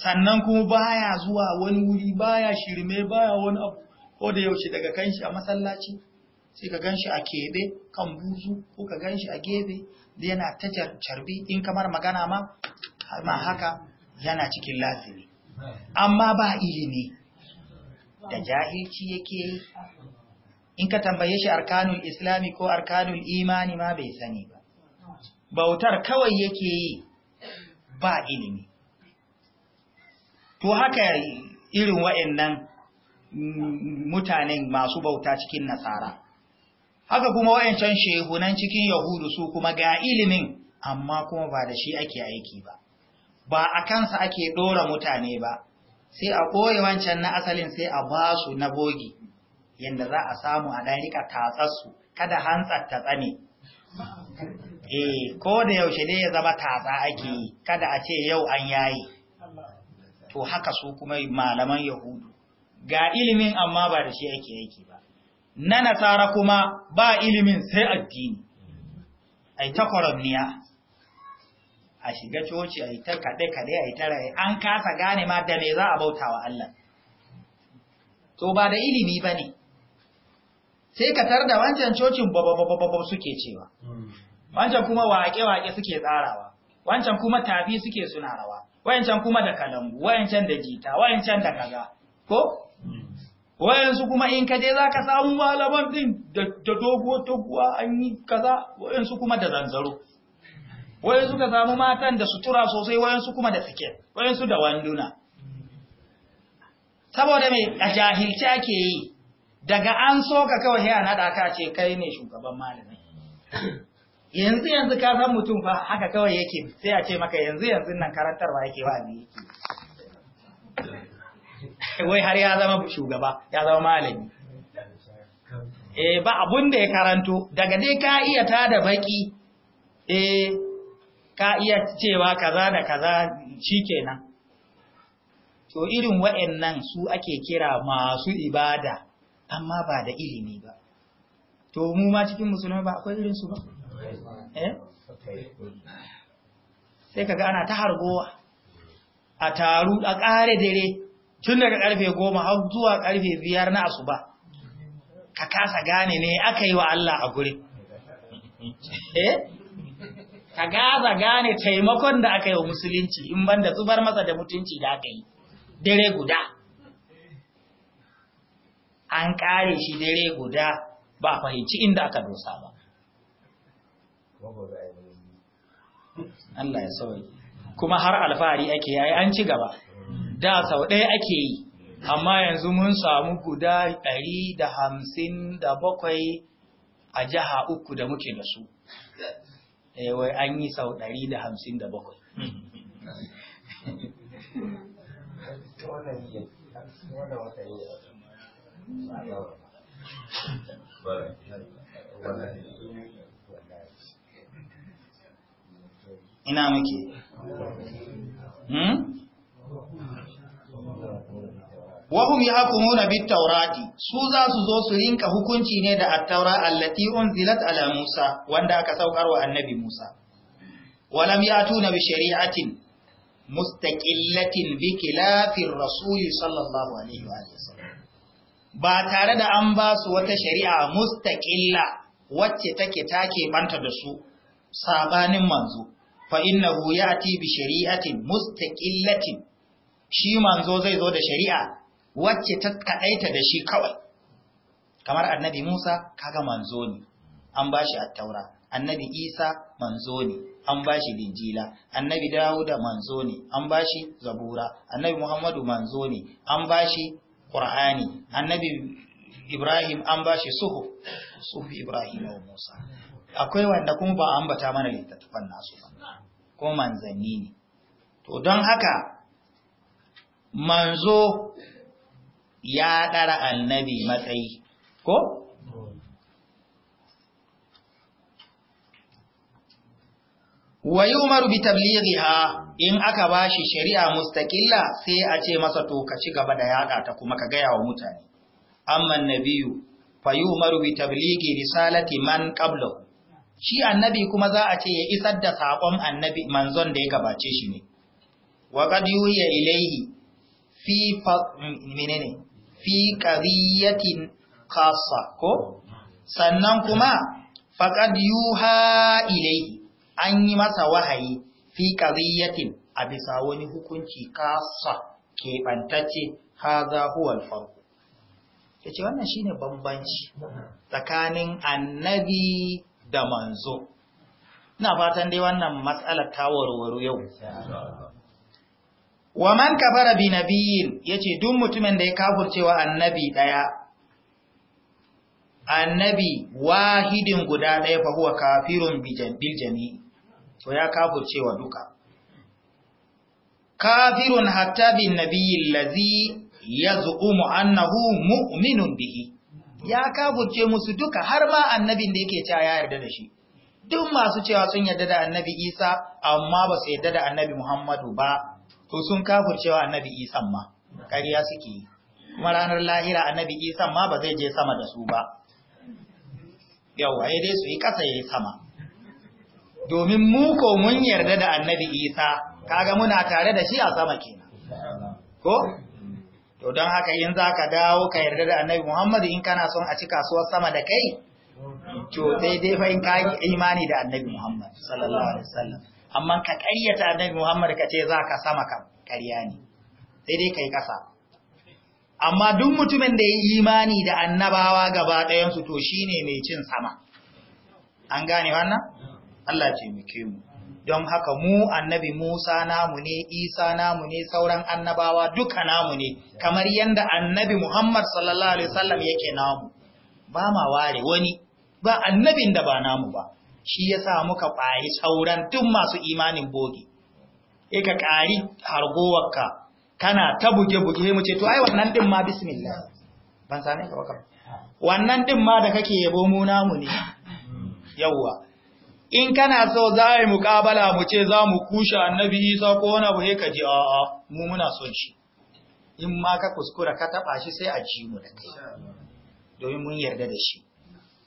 sannan kuma baya zuwa wani wuri baya shirme baya wani abu ko da yaushe daga kanshi a masallaci sai ka ganshi a kebe kan buzu ko ka ganshi a gebe yana ta carbi in kamar magana ma ma haka yana cikin lazimi amma ba ilimi da jahilci yake in ka tambaye shi arkanul islami ko arkanul imani ma bai sani ba bautar kawai yake yi ba ilimi to haka irin wa'annan mm, mutanen masu bauta cikin nasara haka kuma wayancan shehunan cikin yahudu su kuma ga ilimin amma kuma ba da shi ake aiki ba ba a kansa ake dora mutane ba sai a koyi wancan na asalin sai a ba su na bogi yadda za a samu a darika rika tatsarsu kada hantsar ta tsane eh ko da yaushe ne ya zama tatsa ake yi kada a ce yau an yayi to haka su kuma malaman yahudu ga ilimin amma ba da shi ake aiki ba na nasara kuma ba ilimin sai addini ai ta kwaramniya a shiga coci ai ta kaɗe-kaɗe ai ta rai an kasa gane ma da me za a bauta wa Allah to ba da ilimi ba ne sai ka tar da wancan cocin bababababab suke cewa wancan kuma waƙe-waƙe suke tsarawa wancan kuma tafi suke suna wancan wayancan kuma da kalangu wayancan da jita wayancan da kaza ko wayansu kuma in ka je za ka samu malaman din da doguwa-doguwa an yi kaza wayansu kuma da zanzaro wayansu ka samu matan da sutura sosai wayansu kuma da sike wayansu da wanduna saboda mai a jahilci ake yi daga an so ka kawai ya naɗa ka ce kai ne shugaban malami yanzu yanzu ka san mutum fa haka kawai yake sai a ce maka yanzu yanzu nan karantarwa yake wa ne yake <laughs> wai har ya zama shugaba ya zama malami eh ba abun da ya karanto daga dai ka iya tada baki eh ka iya cewa kaza da kaza shikenan to irin wa'annan su ake kira masu ibada amma ba da ilimi ba to mu ma cikin musulmai ba akwai irin su ba eh? sai kaga ana ta hargowa a taru a ƙare dare tun daga karfe goma har zuwa karfe biyar na asuba ka kasa gane ne aka yi wa Allah a guri eh? ka gaza gane taimakon da aka yi wa musulunci in banda zubar masa da mutunci da aka yi dare guda an kare shi dare guda ba fahimci inda aka dosa ba Allah ya sauri kuma har alfahari ake yayi an ci gaba da sau ɗaya ake yi amma yanzu mun samu guda ɗari da hamsin da bakwai a jiha uku da muke da su eh, wai an yi sau ɗari da hamsin da bakwai ina muke? Hmm? wahum yahkumuna bit taurati su za su zo su rinka hukunci ne da attaura, taura allati unzilat ala Musa wanda aka saukar wa annabi Musa walam yatuna bi shari'atin mustaqillatin bi khilafir rasul sallallahu alaihi ba tare da an ba su wata shari'a mustaqilla wacce take take banta da su sabanin manzo fa innahu yati bi shari'atin mustaqillatin shi manzo zai zo da shari'a wacce ta kadaita da shi kawai kamar annabi Musa kaga manzo ne an bashi Attaura. annabi Isa manzo ne an bashi linjila annabi Dawuda manzo ne an bashi zabura annabi Muhammadu manzo ne an bashi Qur'ani annabi Ibrahim an bashi suhu suhu Ibrahim wa Musa akwai wanda kuma ba ambata mana littattafan nasu ba ko manzanni ne to don haka manzo ya ɗara annabi matsayi ko? wa yi umaru bi tablighiha in aka bashi shari'a mustaqilla sai a ce masa to ka ci gaba da yada ta kuma ka gaya wa mutane amma annabiyu fa yi umaru bi tablighi risalati man qablahu shi annabi kuma za a ce ya isar da saƙon annabi manzon da ya gabace shi ne wa qad yuhiya ilayhi fi menene fi qadiyatin khassa ko sannan kuma faqad yuha ilai an yi masa wahayi fi qadiyatin a bisa wani hukunci khassa keɓantacce haza huwa al-farq yace wannan shine bambanci tsakanin annabi da manzo ina fatan dai wannan matsalar ta warware yau wa man kafara bi nabiyin yace duk mutumin da ya kafurcewa annabi daya annabi wahidin guda daya fa huwa kafirun bil jami to ya kafurcewa duka kafirun hatta bi nabiyil ladhi yaz'umu annahu mu'minun bihi ya kafurce musu duka har ma annabin da yake cewa ya yarda da shi duk masu cewa sun yarda da annabi Isa amma ba su yarda da annabi Muhammadu ba to sun kafircewa annabi isan ma ƙarya suke yi kuma ranar lahira annabi isan ma ba zai je sama da su ba yawa ya dai su yi ƙasa ya yi sama domin mu mun yarda da annabi isa kaga muna tare da shi a sama kenan ko to don haka in zaka dawo ka yarda da annabi muhammadu in kana son a ci kasuwar sama da kai to sai dai fa in ka imani da annabi muhammadu sallallahu alaihi wasallam amma ka ƙaryata annabi Muhammad ka ce za ka sama ka ƙarya ne sai dai ka yi ƙasa amma duk mutumin da ya yi imani da annabawa gaba ɗayansu to shine mai cin sama an gane wannan Allah ce mu mu don haka mu annabi Musa namu ne Isa namu ne sauran annabawa duka namu ne kamar yadda annabi Muhammad sallallahu alaihi wasallam yake namu ba ma ware wani ba annabin da ba namu ba shi ya sa muka ƙwari sauran tun masu imanin bogi e ka ƙari hargowarka kana ta buge-buge mu ce to ai wannan ɗin ma bismillah ban same ka waka. wannan ɗin ma da kake yabo mu ne yawwa in kana so za a yi muƙabala mu ce za mu kushe annabi isa ko wani abu ka ji a'a mu muna son shi in ma ka kuskura ka taɓa shi sai a ji mu da kai domin mun yarda da shi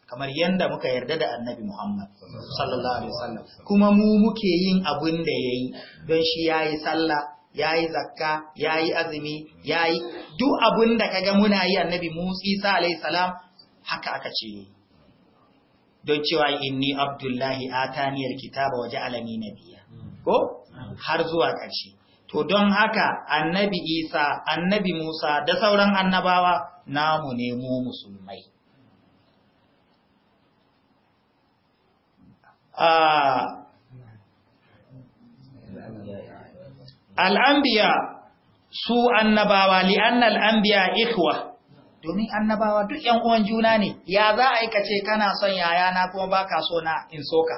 kamar yadda muka yarda da annabi Muhammad sallallahu alaihi wasallam kuma mu muke yin abun da yayi don shi yayi sallah yayi zakka yayi azumi yayi duk abin da kaga muna yi annabi Musa alaihi salam haka aka ce don cewa inni abdullahi ataniyar kitaba waje alami nabiya ko har zuwa ƙarshe to don haka annabi isa annabi musa da sauran annabawa namu ne mu musulmai Ah. al'ambiya su annabawa li'annal al'ambiya ikhwa domin annabawa duk ‘yan uwan juna ne ya za a aikace kana son yayana kuma ba ka so na in soka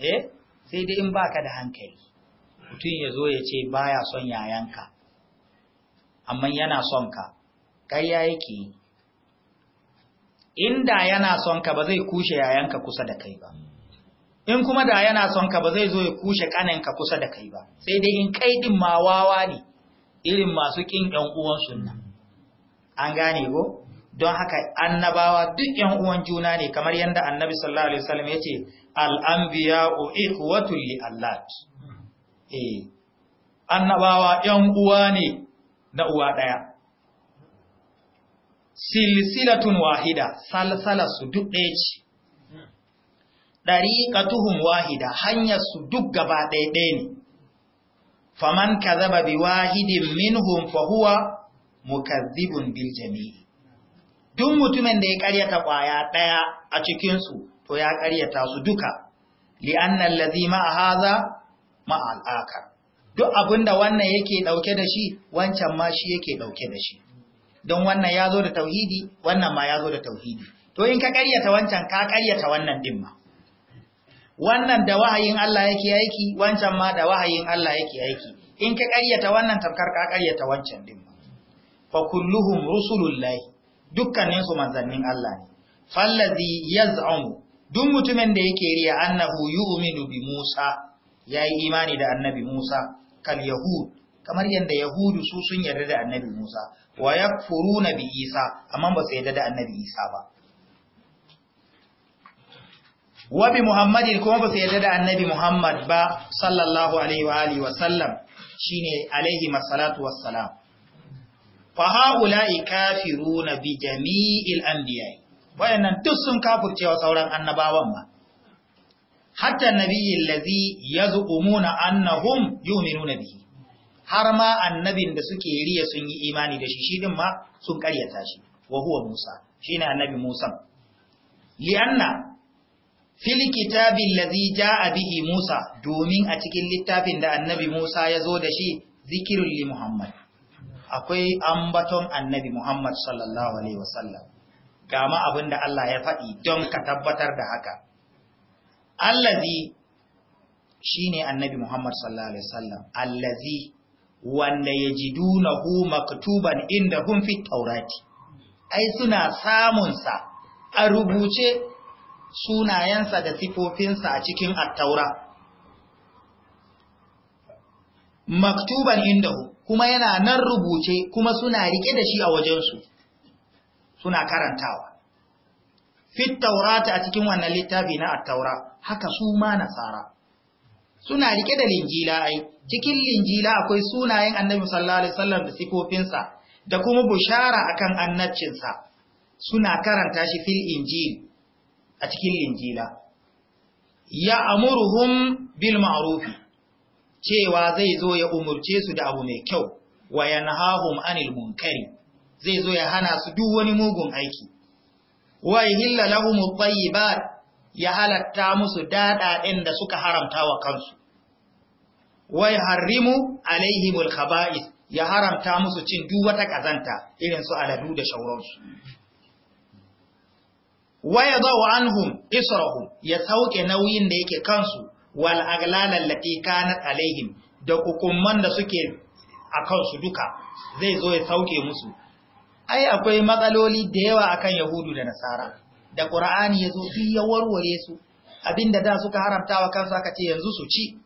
eh sai dai in ba ka da hankali mutum ya zo ya ce ba ya son yayanka amma yana son ka ƙarya yake yi inda yana son ka ba zai kushe yayanka kusa da kai ba in kuma da yana son ka ba zai zo ya kushe kaninka kusa da kai ba sai dai in kai din ma wawa ne irin masu kin ɗan uwan sunna an gane go don haka annabawa duk ɗan uwan juna ne kamar yadda annabi sallallahu alaihi wasallam yace al u ikhwatul li allah eh annabawa ɗan uwa ne na uwa daya silsilatun wahida salsala su duk ɗaya ce ɗariƙatuhun wahida su duk gaba ɗaiɗaya ne faman kazaba bi wahidin minhum fahuwa mukazzibun bil jam'i. duk mutumin da ya ƙaryata ƙwaya ɗaya a cikinsu to ya ƙaryata su duka li'annan lazi ma'a haza ma'al'akar duk abinda wannan yake ɗauke da shi wancan ma shi yake ɗauke da shi don wannan ya zo da tauhidi wannan ma ya zo da tauhidi to in ka ƙaryata wancan ka ƙaryata wannan ɗin ma wannan da wahayin Allah yake aiki wancan ma da wahayin Allah yake aiki in ka ƙaryata wannan tafkar ka ƙaryata wancan din fa kulluhum rusulullahi dukkanin su manzannin Allah ne fallazi yaz'um duk mutumin da yake riya annahu yu'minu bi Musa yayi imani da annabi Musa kal yahud kamar yanda yahudu su sun yarda da annabi Musa wa yakfuruna bi Isa amma ba su yarda da annabi Isa ba Wabi muhammadin kuma ba su yarda da annabi muhammad ba sallallahu alaihi wa alihi wa sallam shine alaihi masalatu wassalam fa haula'i kafiruna bi jami'il anbiya wayannan duk sun kafircewa sauran annabawan ma hatta annabiyyi allazi yaz'umuna annahum yu'minuna bihi har ma annabin da suke riya sun yi imani da shi shi din ma sun karyata shi wa huwa musa shine annabi musa li'anna fil lazi allazi a bihi Musa domin a cikin littafin da annabi Musa ya zo da shi zikirin li Muhammad akwai ambaton annabi Muhammad sallallahu alaihi wasallam gama abinda Allah ya faɗi don ka tabbatar da haka allazi shine annabi Muhammad sallallahu alaihi wasallam allazi wanda ya ji duna hu maktuban inda hun fi taurati ai suna samunsa a rubuce sunayensa da sifofinsa a cikin attaura maktuban indahu kuma yana nan rubuce kuma suna rike da shi a wajensu suna karantawa fit taurata a cikin wannan littafi na attaura haka su ma nasara suna rike da linjila ai cikin linjila akwai sunayen annabi sallallahu alaihi da sifofinsa da kuma bushara akan annabcinsa suna karanta shi fil injil a cikin injila ya amurhum bil ma'rufi cewa zai zo ya umurce su da abu mai kyau wa yanhahum anil munkari zai zo ya hana su duk wani mugun aiki wa yahilla lahum at-tayyibat ya halatta musu dadaden da suka haramta wa kansu wa yaharrimu alaihimul khaba'is ya haramta musu cin duk wata kazanta irin su aladu da shauransu waya zau anhum israhum ya sauke nauyin da yake kansu wal aglalan lati alaihim da hukumman da suke a kansu duka zai zo ya sauke musu ai akwai matsaloli da yawa akan yahudu da nasara da qur'ani yazo duk ya warware su abinda da suka haramta wa kansu aka ce yanzu su ci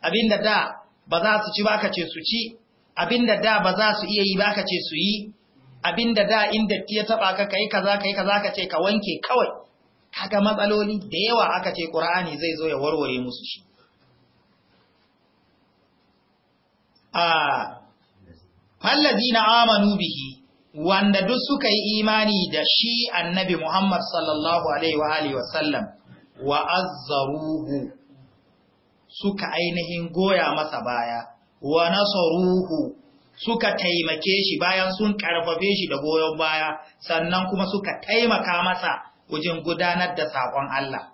abinda da ba za su ci ba aka ce su ci abinda da ba za su iya yi ba aka ce su yi abinda da inda ya taba ka kai kaza kai kaza ka ce ka wanke kawai kaga matsaloli da yawa aka ce Qur'ani zai zo ya warware musu shi a fallazina amanu bihi wanda duk suka yi imani da shi annabi Muhammad sallallahu alaihi wa alihi wasallam wa azzaruhu suka ainihin goya masa baya wa nasaruhu suka taimake shi bayan sun karfafe shi da goyon baya sannan kuma suka taimaka masa wajen gudanar da sakon Allah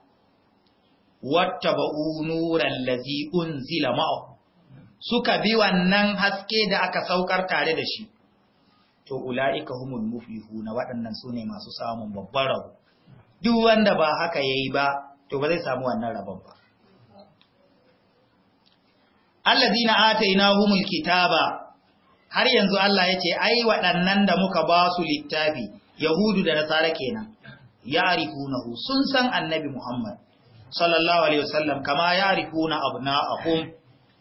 Wata ba'u nuran lazi unzila ma'ahu suka bi wannan haske da aka saukar tare da shi to ula'ika humul huna waɗannan su ne masu samun babban rabu, duk wanda ba haka ya yi ba to ba zai samu wannan rabon ba Allah zina ataina humul kitaba har yanzu Allah ya ce ai waɗannan da muka ba su littafi yahudu da nasara kenan ya arifunahu sun san annabi Muhammad sallallahu alaihi wasallam kama ya arifuna abna'ahum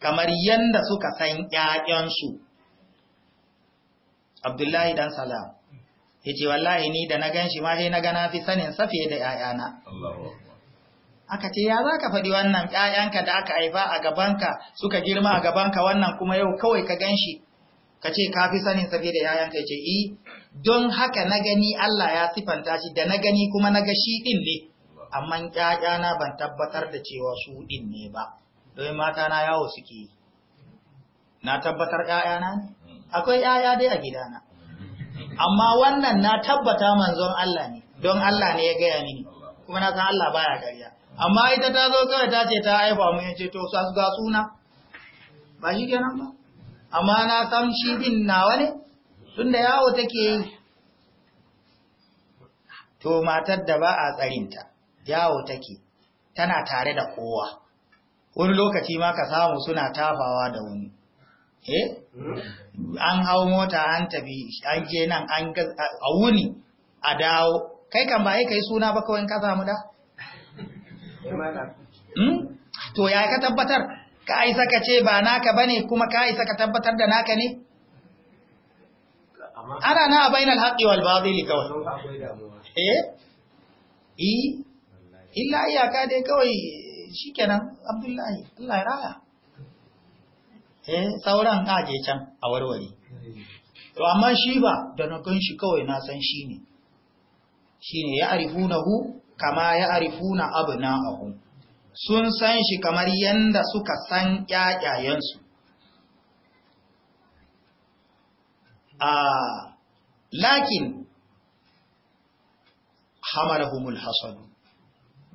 kamar yanda suka san ƴaƴansu Abdullahi dan Salam yace wallahi ni da na ganshi ma sai na ga na fi sanin safiye da ƴaƴana aka ce ya za ka faɗi wannan ƴaƴanka da aka haifa a gabanka suka girma a gabanka wannan kuma yau kawai ka ganshi ka ce ka fi sanin sa fiye da ce i eh, don haka na gani Allah ya sifanta shi da na gani kuma na ga shi din ne amma na ban tabbatar da cewa su din ne ba don mata na yawo suke na tabbatar na ne hmm. akwai ƴaƴa dai a gidana amma wannan na tabbata manzon Allah ne don Allah ne ya gaya mini kuma na san Allah baya gariya amma ita ta zo kawai ta ce ta haifa mu yace to su ga suna ba shi kenan ba amma na san shi din nawa ne tunda yawo take yi to matar da ba a tsarinta yawo take tana tare da kowa wani lokaci ma ka samu suna tafawa da wani eh an hau mota an tafi an je nan an a wuni a dawo kai kan ba kai suna ba kawai ka samu da hmm? to ya ka tabbatar ka isa ka ce ba naka bane kuma ka isa ka tabbatar da naka ne ana na bainal alhaqi wal batil kawai eh eh illa iyaka dai kawai shikenan abdullahi Allah ya raya eh sauran aje can a warware to amma shi ba da na kan shi kawai na san shi ne shi ne ya arifunahu kama ya arifuna abna'ahum sun san shi kamar yanda suka san ƴaƴayensu a lakin Humul hasadu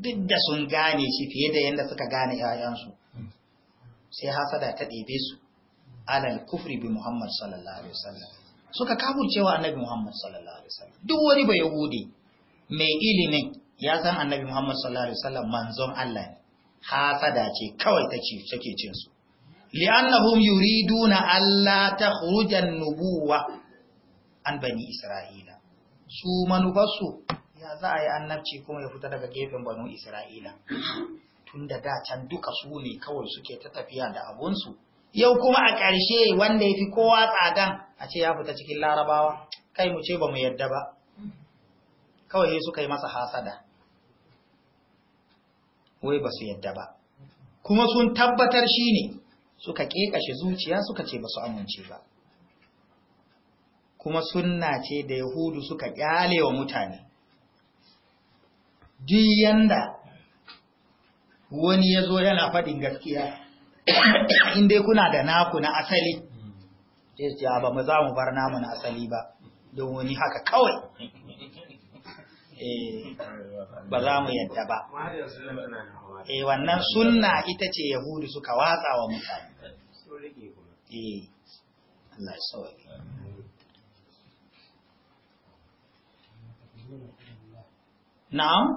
duk da sun gane shi fiye da yanda suka gane ƴaƴansu sai hasada ta ɗebe su alal kufri bi Muhammad sallallahu alaihi wasallam suka cewa annabi Muhammad sallallahu alaihi wasallam duk wani bai hude. mai ilimin ya san annabi Muhammad sallallahu alaihi wasallam manzon Allah ne hasada ce kawai take cin su li'annahum yuriduna alla takhruja an-nubuwa an bani Isra'ila su manufarsu ya za a yi annabci kuma ya fita daga gefen banu Isra'ila tunda da can duka su ne kawai suke ta tafiya da abunsu yau kuma a ƙarshe wanda ya fi kowa tsadan a ce ya fita cikin larabawa kai mu ce ba mu yadda ba kawai suka yi masa hasada wai ba su yadda ba kuma sun tabbatar shi ne suka ƙeƙashe zuciya suka ce ba su amince ba kuma sunna ce da yahudu suka ƙyale wa mutane duk yanda wani ya zo yana faɗin gaskiya <coughs> inda kuna da naku na asali ya hmm. ce ba mu za mu bar namu na asali ba don wani haka kawai Eh, ba za mu yadda ba E, wannan sunna ita ce yahudu suka watsa wa mutane e Allah ya na'am <coughs>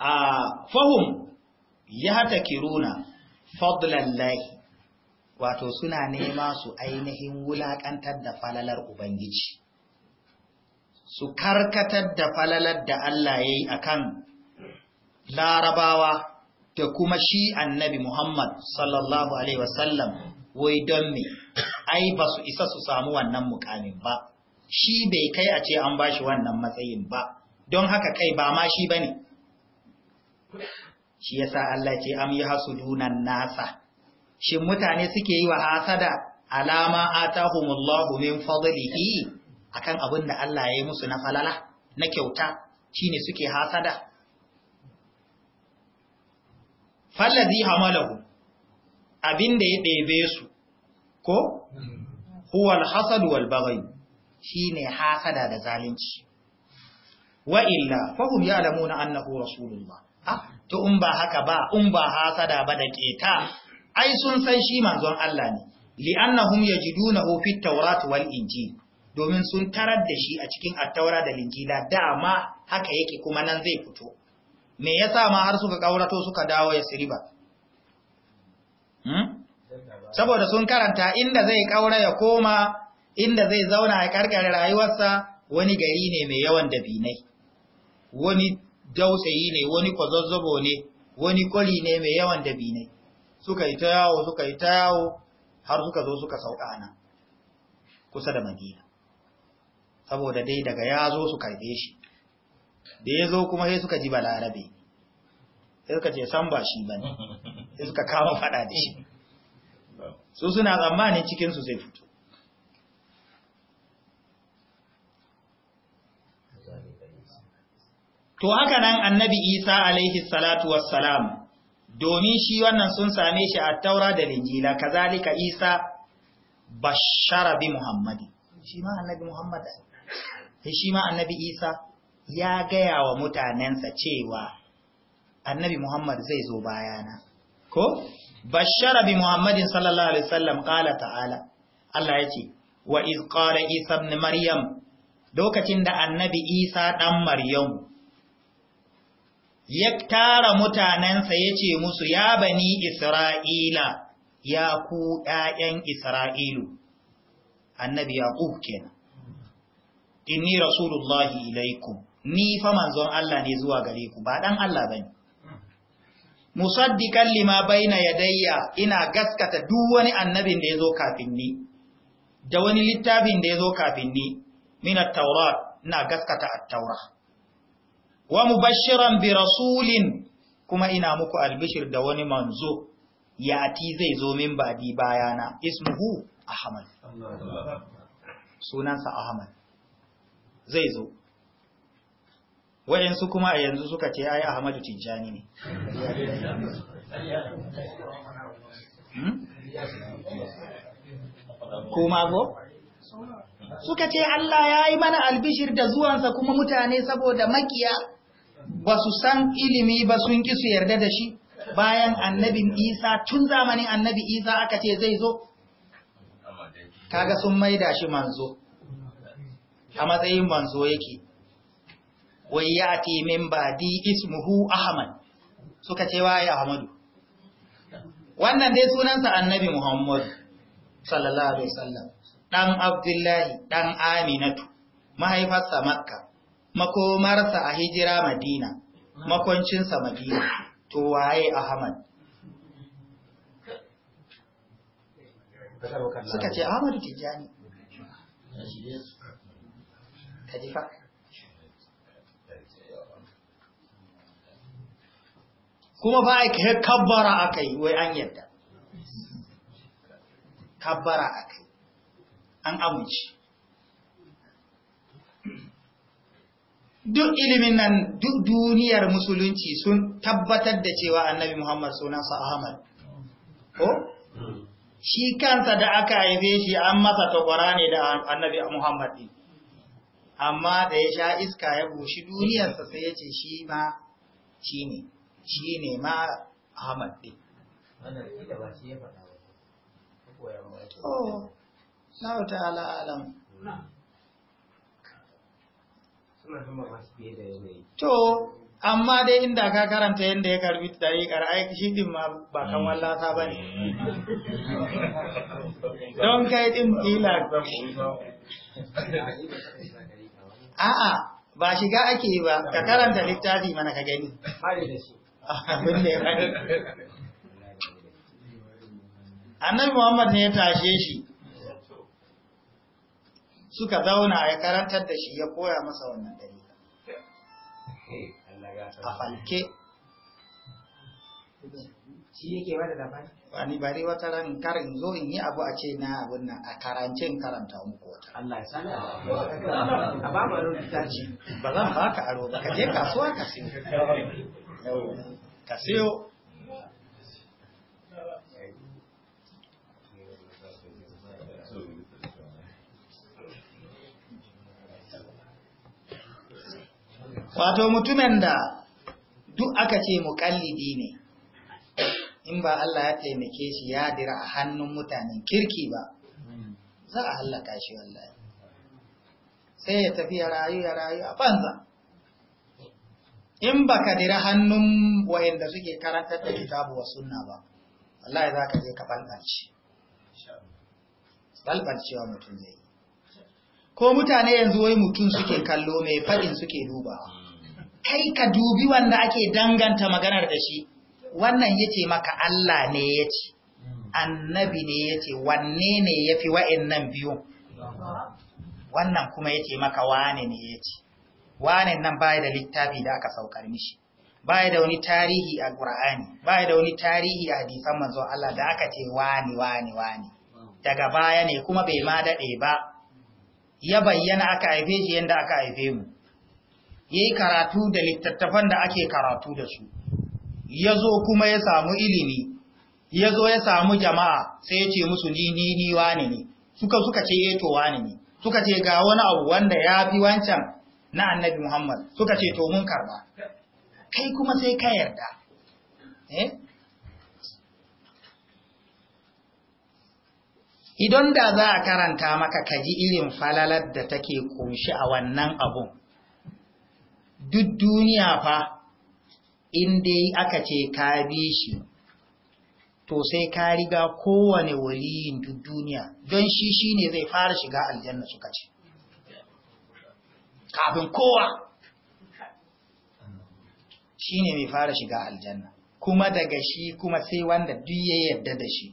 a ah, fahum kiruna fadlan lahi wato suna nema su ainihin wulaƙantar da falalar Ubangiji, su karkatar da falalar da Allah ya yi a kan larabawa da kuma shi annabi Muhammad sallallahu Alaihi wasallam wai don me, ai ba su isa su samu wannan mukamin ba, shi bai kai a ce an ba shi wannan matsayin ba, don haka kai ba ma shi ba ne. Shi yasa Allah ce am yi dunan nasa. Shin mutane suke yi wa hasada alama atahumullahu min fadlihi akan abin da Allah ya yi musu na falala na kyauta shine suke hasada fallazi hamalahu abin ya ɗebe su ko huwa alhasad wal baghy shine hasada da zalunci wa illa fahum ya'lamuna annahu rasulullah ah to in ba haka ba in ba hasada ba da keta ai sun san shi manzon Allah ne li'annahum yajidunahu fit tawrat wal injil domin sun tarar da shi a cikin attaura da linjila dama haka yake kuma nan zai fito me yasa ma har suka kaurato suka dawo ya siriba hmm? saboda sun karanta inda zai kaura ya koma inda zai zauna ya karkare rayuwarsa wani gari ne mai yawan dabinai wani dausayi ne wani kwazazzabo ne wani kwali ne mai yawan dabinai suka yi ta yawo suka yi ta yawo har suka zo suka sauka nan kusa da madina saboda dai daga ya zo su karbe shi da ya zo kuma sai suka ji balarabe sai suka ce san ba shi ba ne sai suka kama fada da shi su suna tsammanin cikinsu zai fito to haka nan annabi isa alaihi salatu wassalam domin shi wannan sun same shi a taura da linjila kazalika isa bashara bi muhammadi shi ma annabi muhammad shi ma annabi isa ya gaya wa mutanensa cewa annabi muhammad zai zo bayana ko bashara bi muhammadin sallallahu alaihi sallam qala ta'ala Allah ya ce wa iz qala isa ni maryam lokacin da annabi isa dan maryam ya tara mutanensa ya ce musu ya bani isra'ila ya ku ’ya’yan isra'ilu annabi yaƙub kenan inni rasulullahi ilaikum ni fa manzon Allah ne zuwa gare ku ba ɗan Allah bane musaddikan lima baina yadayya ina gaskata duk wani annabin da ya zo kafin ni da wani littafin da ya zo kafin ni min at ina gaskata a taura wa mubashiran bi rasulin kuma ina muku albishir da wani manzo ya ati zai zo min badi bayana ismuhu ahmad sunansa ahmad zai zo wayansu kuma a yanzu suka ce ai ahmadu tijjani ne hmm? kuma go suka ce Allah ya yi mana albishir da zuwansa kuma mutane saboda makiya ba su san ilimi ba sun ki su yarda da shi bayan annabin isa tun zamanin annabi isa aka ce zai zo kaga sun maida shi manzo a matsayin manzo yake wai ya min ba di ismuhu ahmad suka ce waye ahmadu wannan dai sunansa annabi muhammad sallallahu alaihi wasallam dan abdullahi dan aminatu mahaifarsa makka makomarsa a hijira madina makoncinsa madina to waye ahmad suka ce ahmad tijjani kajifa kuma ba kuma fa kabbara aka yi wai an yadda kabbara aka yi an amince duk ilimin nan duk duniyar musulunci sun tabbatar da cewa annabi Muhammad sunansa Ahmad ko shi kansa da aka haife shi an masa takwara ne da annabi Muhammad din amma da ya sha iska ya bushi duniyarsa sai ya ce shi ma shi ne shi ne ma Ahmad din wannan kila ba shi ya faɗa ba ko ya ba to na oh, ta'ala alam To, amma dai inda ka karanta yadda ya karbi tariƙar aiki din ma ba kamar lasa ba ne. Don kai ɗin fila. A'a, ba shiga ake ba, ka karanta littafi mana ka gani. Annabi Muhammad ne ya tashe shi, suka zauna ya karantar da shi ya koya masa wannan dariƙa a falke shi yake da labari wani bari wata ran karin zo in yi abu a ce na abun nan a karance karanta muku wata Allah ya sani a ba mu aro ta ce ba zan ka aro ba ka je kasuwa ka siyo <laughs> ka siyo wato mutumin da duk aka ce muƙallidi ne in ba Allah ya taimake shi ya dira a hannun mutanen kirki ba za a hallaka shi wallahi sai ya tafi ya rayu ya rayu a banza in ba ka dira hannun wayanda suke karantar da kitabu wa sunna ba wallahi za ka je ka balbalce balbalcewa mutum zai ko mutane yanzu wai mutum suke kallo mai faɗin suke dubawa kai ka dubi wanda ake danganta maganar da shi wannan yace maka Allah ne yace annabi ne yace wanne ne yafi wa'annan biyu wannan kuma yace maka wane ne yace wane nan baya da littafi da aka saukar mishi baya da wani tarihi a Qur'ani baya da wani tarihi a hadisan manzo Allah da aka ce wani wani wani daga baya ne kuma bai ma dade ba ya bayyana aka haife shi yanda aka haife mu ya yi karatu da littattafan da ake karatu da su ya zo kuma ya samu ilimi ya zo ya samu jama'a sai ya ce musu ni ni ni wane ne suka suka ce eto eh, wa ne suka ce ga wani abu wanda ya fi wancan na annabi muhammad suka ce to mun karba kai kuma sai ka yarda eh idan da za a karanta maka kaji irin falalar da take kunshi a wannan abun duk duniya fa in dai aka ce ka bi shi to sai ka riga kowane waliyin duk duniya don shi shi ne zai fara shiga aljanna suka ce kafin kowa Shi ne mai fara shiga aljanna kuma daga shi kuma sai wanda duk ya yarda da shi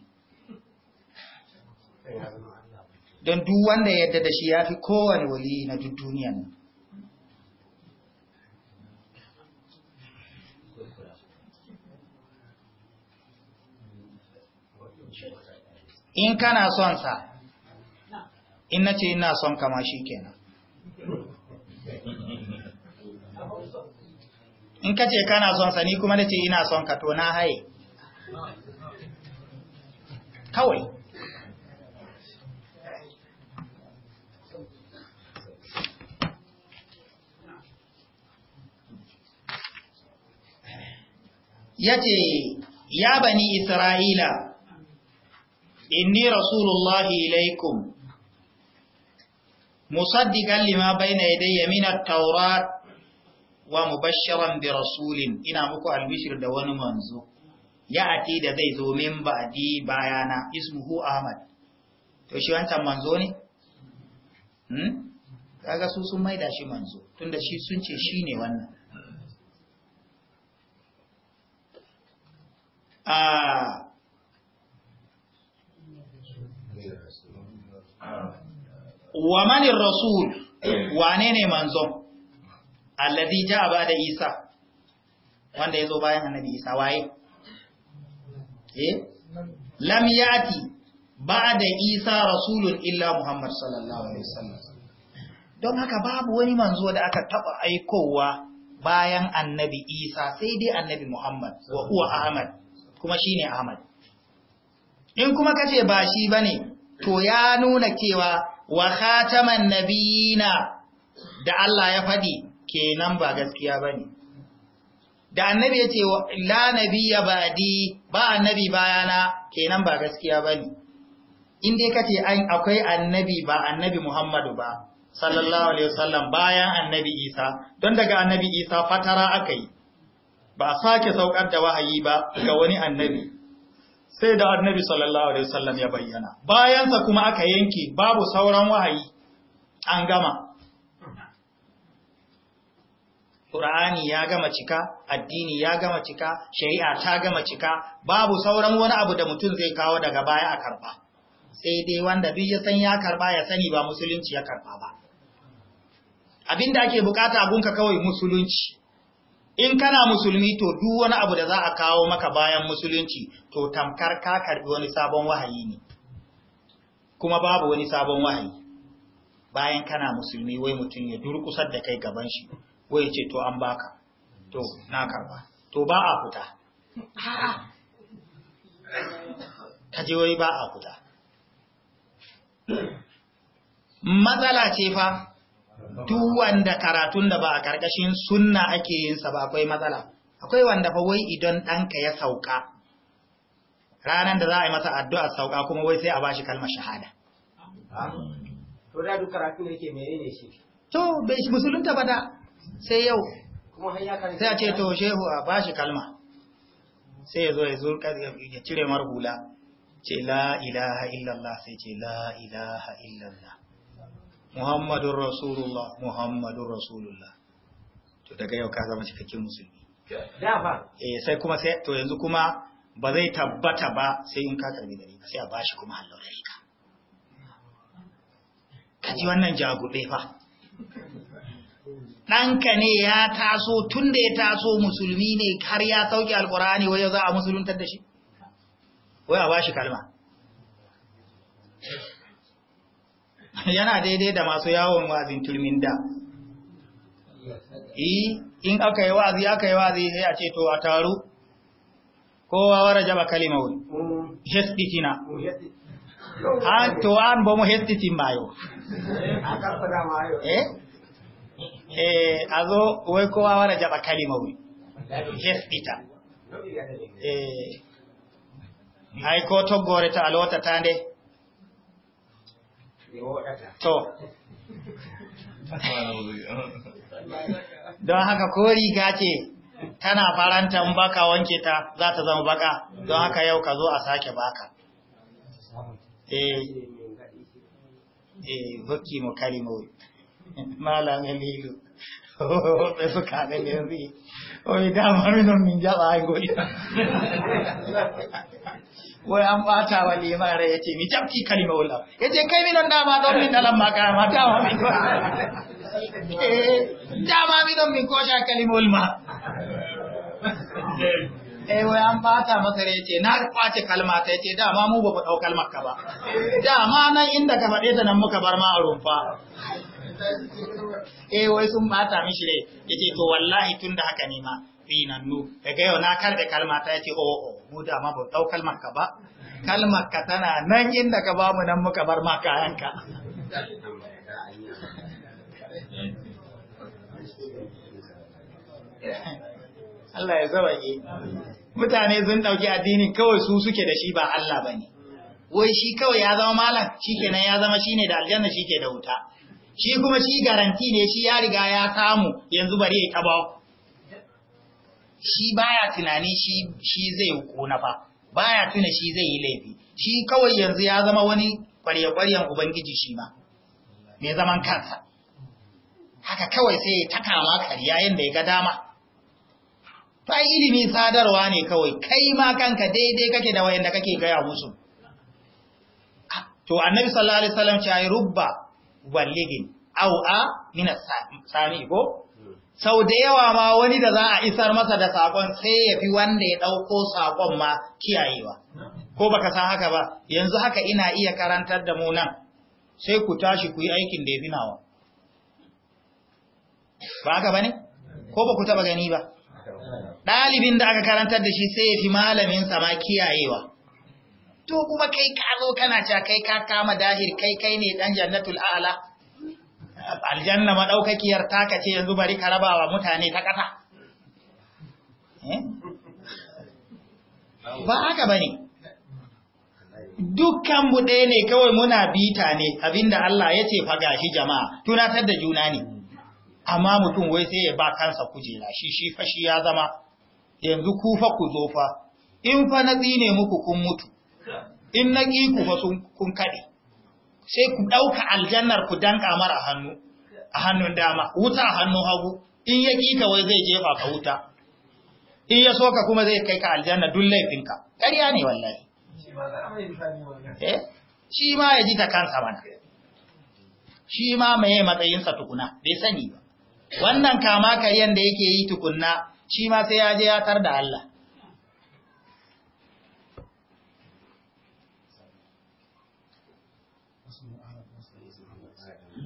don duk wanda ya yarda da shi ya fi kowane waliyi na duk duniyan nan in kana son sa in na ce ina son kama shi kenan in ka ce kana son sa ni kuma na ce ina son ka to na haye kawai ya ce ya bani isra'ila inni rasulullahi ilaikum musaddiqan lima bayna yadayya min at-taurat wa mubashshiran bi rasulin ina muku albishir da wani manzo ya'ati da zai zo min ba'di bayana ismuhu ahmad to shi wancan manzo ne hmm kaga su sun maida shi manzo tunda shi sun ce shine wannan ah, wa mani rasul eh. wane ne manzon alladhi ja ba da isa wanda ya zo bayan annabi isa waye eh lam yati ba da isa rasulun illa muhammad sallallahu alaihi wasallam don haka babu wani manzo da aka taba aikowa bayan annabi isa sai dai annabi muhammad wa huwa ahmad kuma shine ahmad in kuma kace ba shi bane to ya nuna cewa wa khataman nabiyina da Allah ya faɗi kenan ba gaskiya bane da annabi yace la nabiyya ba'di ba annabi bayana kenan ba gaskiya bane in dai kace an akwai annabi ba annabi Muhammadu ba sallallahu alaihi wasallam bayan annabi Isa don daga annabi Isa fatara akai ba sake saukar da wahayi ba ga wani annabi sai da annabi sallallahu alaihi wasallam ya bayyana Bayan sa kuma aka yanke babu sauran wahayi an gama Qur'ani ya gama cika addini ya gama cika shari'a ta gama cika babu sauran wani abu da mutum zai kawo daga baya a karba sai dai wanda duk ya san ya karba ya sani ba musulunci ya karba ba abinda ake bukata gunka kawai musulunci in kana musulmi to duk wani abu da za a kawo maka bayan musulunci to tamkar ka karbi wani sabon wahayi ne kuma babu wani sabon wahayi bayan kana musulmi wai mutum ya durkusar da kai gaban shi wai ya ce to an baka to na karba to ba a fita je wai ba a fita matsala ce fa duk wanda karatun da ba a karkashin sunna ake yin sa ba akwai matsala akwai wanda fa wai idan ɗanka ya sauka ranar da za a yi masa addu'a sauka kuma wai sai a ba shi kalmar shahada to da duk karatu ne mere ne shi to bai musulunta ba da sai yau sai a ce to shehu a shi kalma sai ya zo ya ya cire mar ce la ilaha illallah sai ce la ilaha illallah Muhammadun Rasulullah Muhammadun Rasulullah to daga yau ka zama cikakken musulmi da ba eh sai kuma sai to yanzu kuma ba zai tabbata ba sai in ka karbi gari sai a bashi kuma Allah da ka kaji wannan jagube fa ɗanka ne ya taso tun da ya taso musulmi ne har ya sauke alkurani wajen za a musuluntar da shi wai a bashi kalma <laughs> yana daidai da masu yawon wazin turmin da in aka yi wazi aka yi wazi sai a ce to a taru kowa wara jaba kalima wani hestitina an to an ba mu hestitin mayo eh? eh a zo wai kowa wara jaba kalima wani hestita eh ai ko toggore ta alwata ta ne to don haka ko riga ce tana faranta in baka wanke ta za ta zama baka don haka yau ka zo a sake baka eh eh mu <laughs> <laughs> wai an bata wa limara rai yace mi jabki kalima wallah yace kai mi don dama don min dalan maka ma dama mi don eh, dama mi don min kosha kalima walma eh wai an bata masa rai yace na kwace kalma ta yace dama mu ba ku dau kalmar ka ba dama nan inda ka faɗe ta nan muka bar ma a rumfa eh wai sun bata mishi rai yace to wallahi tunda haka ne ma tsinannu daga yau na karbe kalma ta yace o oh, o oh, mu da ma ba dau kalmar ka ba kalmar ka tana nan inda ka bamu nan muka bar ma kayan ka Allah ya zawage mutane sun dauki addini kawai su suke da shi ba Allah bane wai shi kawai ya zama malam shikenan ya zama shine da aljanna shike da wuta shi kuma shi garanti ne shi ya riga ya samu yanzu bari ya taba shi baya tunani shi shi zai kona fa baya tuna shi zai yi laifi shi kawai yanzu ya zama wani kwarye-kwaryen ubangiji shi ma mai zaman kansa haka kawai sai ya takama kariya yadda ya ga dama ta ilimi sadarwa ne kawai kai ma kanka daidai kake da wayanda kake gaya musu ah, to annabi sallallahu alaihi wasallam ya rubba walligin au a minas sami ko sau da yawa ma wani da za a isar masa da sakon sai ya fi wanda ya ɗauko sakon ma kiyayewa ko baka san haka ba yanzu haka ina iya karantar da mu nan sai ku tashi ku yi aikin da ya fi nawa ba haka ba ne ko ba ku taɓa gani ba ɗalibin da aka karantar da shi sai ya fi malaminsa ma kiyayewa to kuma kai ka zo kana cewa kai ka kama dahir kai kai ne dan jannatul a'ala. aljanna maɗaukakiyar taka ce yanzu bari ka raba wa mutane ta kasa eh? ba haka ba dukkan mu ɗaya ne kawai muna bita ne abinda Allah ya ce faga shi jama'a tunatar da juna ne amma mutum wai sai ya ba kansa kujera shi shi fa shi ya zama yanzu ku fa ku zo fa in fa na tsine muku kun mutu in na ƙi ku fa kun kaɗe sai ku ɗauka aljannar ku danka mara hannu a hannun dama wuta a hannun hagu in ya ƙi wai zai jefa ka wuta in ya soka kuma zai kai ka aljanna duk laifinka ƙarya ne wallahi shi ma eh? ya ji ta kansa mana shi ma mai matsayinsa tukuna bai sani ba wannan kama karyan da yake yi tukunna shi ma sai ya je ya tar da Allah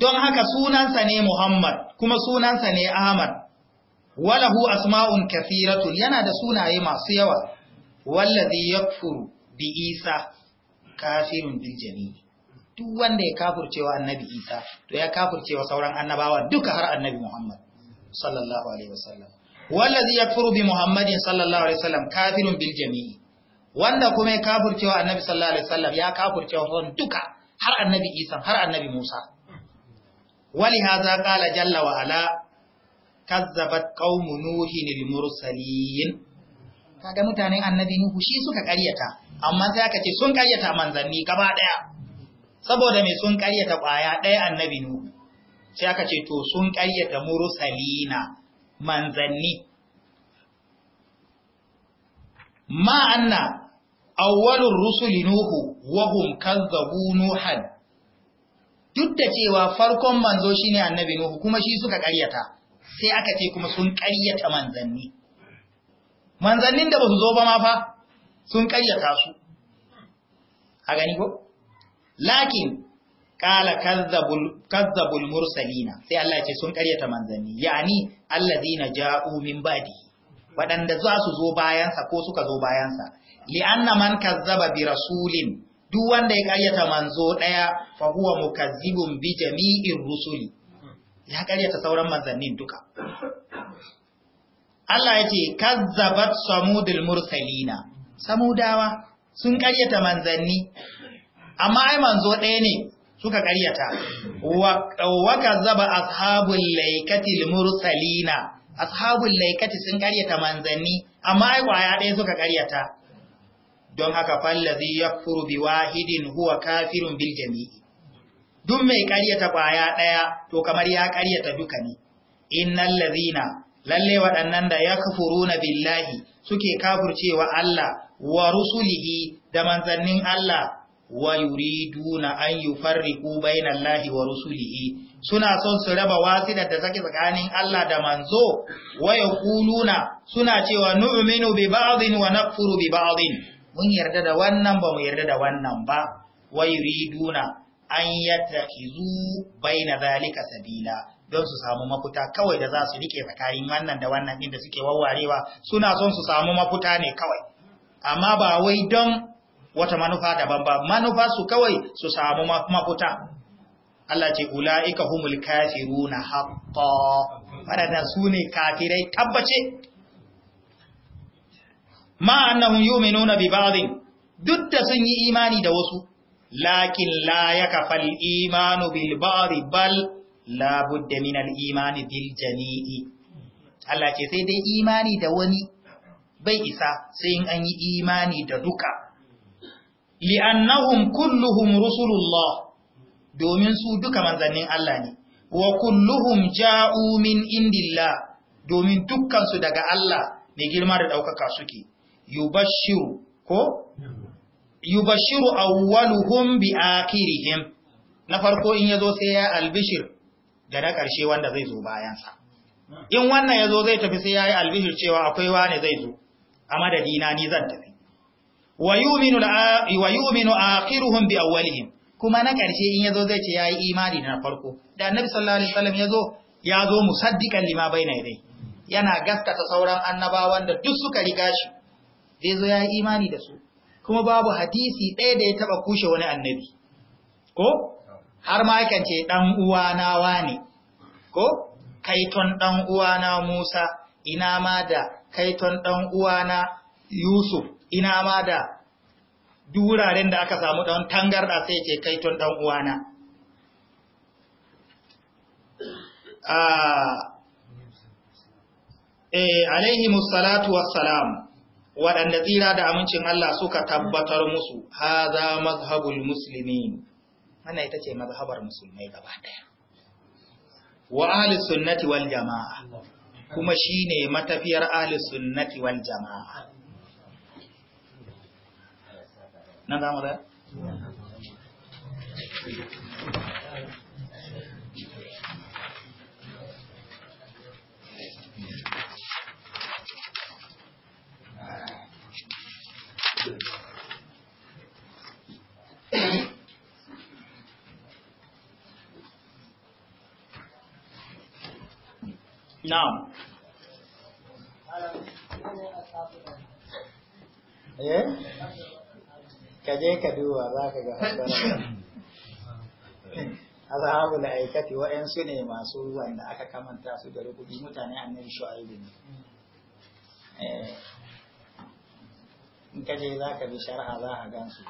don haka sunansa ne Muhammad kuma sunansa ne Ahmad walahu asma'un kathiratun yana da sunaye masu yawa wallazi yakfuru bi Isa kafirun bil jami' duk wanda ya kafurcewa annabi Isa to ya kafurcewa sauran annabawa duka har annabi Muhammad sallallahu alaihi wasallam wallazi yakfuru bi Muhammadin sallallahu alaihi wasallam kafirun bil jami' wanda kuma ya kafurcewa annabi sallallahu alaihi wasallam ya kafurcewa duka har annabi Isa har annabi Musa wali haza kala jalla wa ala kazzabat qaumu nuhin al mursalin kaga mutanen annabi nuhu shi suka ƙaryata, amma sai aka ce sun ƙaryata manzanni gaba daya saboda me sun ƙaryata ƙwaya daya annabi nuhu sai aka ce to sun ƙaryata mursalina manzanni ma anna awwalur rusul nuhu wa hum kazzabu nuhan duk da cewa farkon manzo shine annabi Nuhu kuma shi suka ƙaryata sai aka ce kuma sun ƙaryata manzanni manzannin da ba su zo ba ma fa sun ƙaryata su a gani ko lakin qala kazzabul kazzabul mursalina sai Allah ya ce sun ƙaryata manzanni yani allazina ja'u min ba'di waɗanda za su zo bayansa ko suka zo bayansa li'anna man kazzaba bi rasulin duk wanda ya karyata manzo ɗaya, fa huwa mukazzibun bi jami'ir rusuli ya karyata sauran manzannin duka Allah ya ce kazzabat samudul mursalina samudawa sun karyata manzanni amma ai manzo ɗaya ne suka karyata wa kazzaba ashabul laikati mursalina ashabul laikati sun karyata manzanni amma ai kwaya ɗaya suka karyata don haka fallazi yakfuru bi wahidin huwa kafirun bil jami'i duk mai ƙaryata ƙwaya ɗaya to kamar ya ƙaryata duka ne innal ladhina lalle waɗannan da yakfuruna billahi suke kafurcewa Allah wa rusulihi da manzannin Allah wa yuriduna an yufarriqu bainallahi wa rusulihi suna son su raba wasilar da take tsakanin Allah da manzo wa yaquluna suna cewa nu'minu bi ba'dhin wa nakfuru bi ba'dhin mun yarda da wannan ba mu yarda da wannan ba wa yuriduna an yattakizu baina zalika sabila don su samu mafuta kawai da za su rike tsakanin wannan da wannan din da suke wawarewa suna son su samu mafuta ne kawai amma ba wai don wata manufa daban ba manufa su kawai su samu mafuta Allah ce ula'ika humul kafiruna haqqan su sune kafirai tabbace ma annahum yu'minuna bi ba'dhin duk da sun yi imani da wasu lakin la yakfal imanu bil ba'd bal la budda min al imani bil jami'i Allah ce sai dai imani da wani bai isa sai in an yi imani da duka annahum kulluhum rusulullah domin su duka manzannin Allah ne wa kulluhum ja'u min indillah domin dukkan su daga Allah mai girma da daukaka suke yubashiru ko yubashiru awwaluhum bi akhirihim na farko in yazo sai ya albishir da na karshe wanda zai zo bayan sa in wannan yazo zai tafi sai ya yi albishir cewa akwai wani zai zo a madadina ni zan tafi wa yu'minu wa yu'minu akhiruhum bi awwalihim kuma na karshe in yazo zai ce yayi imani na farko da annabi sallallahu alaihi wasallam yazo yazo musaddiqan lima bayna yadayhi yana gaskata sauran annabawan da duk suka riga shi zai ya zo ya yi imani da su kuma babu hadisi ɗaya da ya taɓa kushe wani annabi ko har ma yakan ce ɗan na wane ko kaiton ɗan na musa ina ma da kaiton ɗan na yusuf ina ma da duraren da aka samu ɗan tangarɗa sai ce kaiton ɗan ah, eh, alayhi musallatu wassalam waɗanda tsira da amincin Allah suka tabbatar musu haza mazhabul musulmi, wannan ita ce mazhabar musulmai gaba ɗaya. wa ahli sunnati wal jamaa kuma shine matafiyar ahli sunnati wal jamaa nan mu da na'am eh? kaje ka duba za ka ga azhabu la'aikati su ne masu ruwan da aka kamanta su da rukudi mutane annabi shu'aibu ne eh. in kaje za ka bi shari'a za a gansu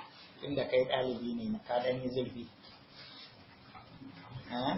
inda kai ɗalibi ne ka ɗan yi zurfi eh?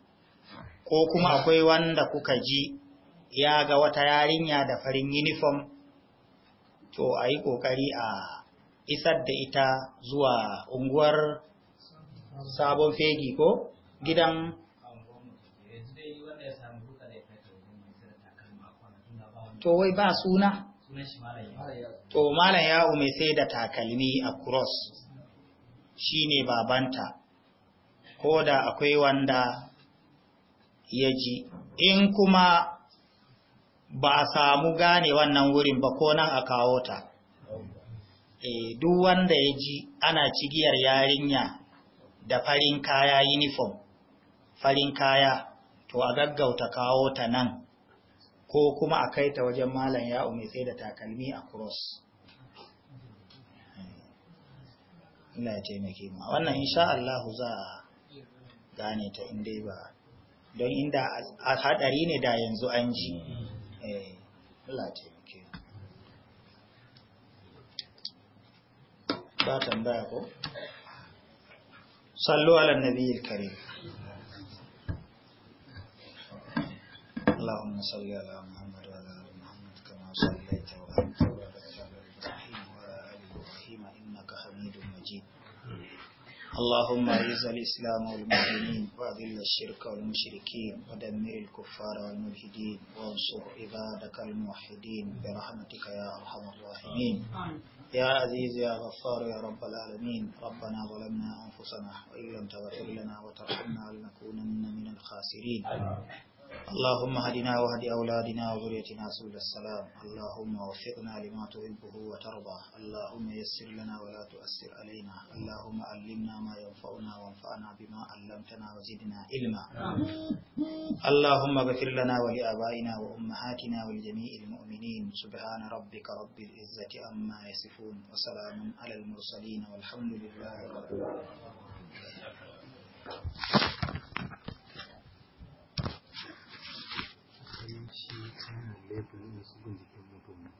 ko kuma akwai wanda kuka ji ya ga wata yarinya da farin uniform to a yi ƙoƙari a isar da ita zuwa unguwar sabon fegi ko gidan to wai ba suna to malam ya sai da takalmi a cross shine babanta ko da akwai wanda ya ji in kuma ba a samu gane wannan wurin ba ko nan a kawo ta e, duk wanda ya ji ana cigiyar yarinya da farin kaya uniform farin kaya to a gaggauta kawo ta nan ko kuma a kai ta wajen malam ya sai da takalmi a cross ina eh, taimake ma wannan insha Allah za gane ta inda ba don inda a hadari ne da yanzu an ji Batan eh, ba ko? Sallu ala nabiyar kare. Allahumma salli ala Muhammad ala Muhammad kama salli ta wa اللهم آه. اعز الاسلام والمسلمين واذل الشرك والمشركين ودمر الكفار والملحدين وانصر عبادك الموحدين برحمتك يا ارحم الراحمين يا عزيز يا غفار يا رب العالمين ربنا ظلمنا انفسنا وان لم تغفر لنا وترحمنا لنكونن من الخاسرين اللهم هدنا وهدي أولادنا وذريتنا سبل السلام اللهم وفقنا لما تحبه وترضى اللهم يسر لنا ولا تؤسر علينا اللهم علمنا ما ينفعنا وانفعنا بما علمتنا وزدنا علما اللهم اغفر لنا ولآبائنا وأمهاتنا ولجميع المؤمنين سبحان ربك رب العزة عما يصفون وسلام على المرسلين والحمد لله رب العالمين wannan laifin ne su jikin mutum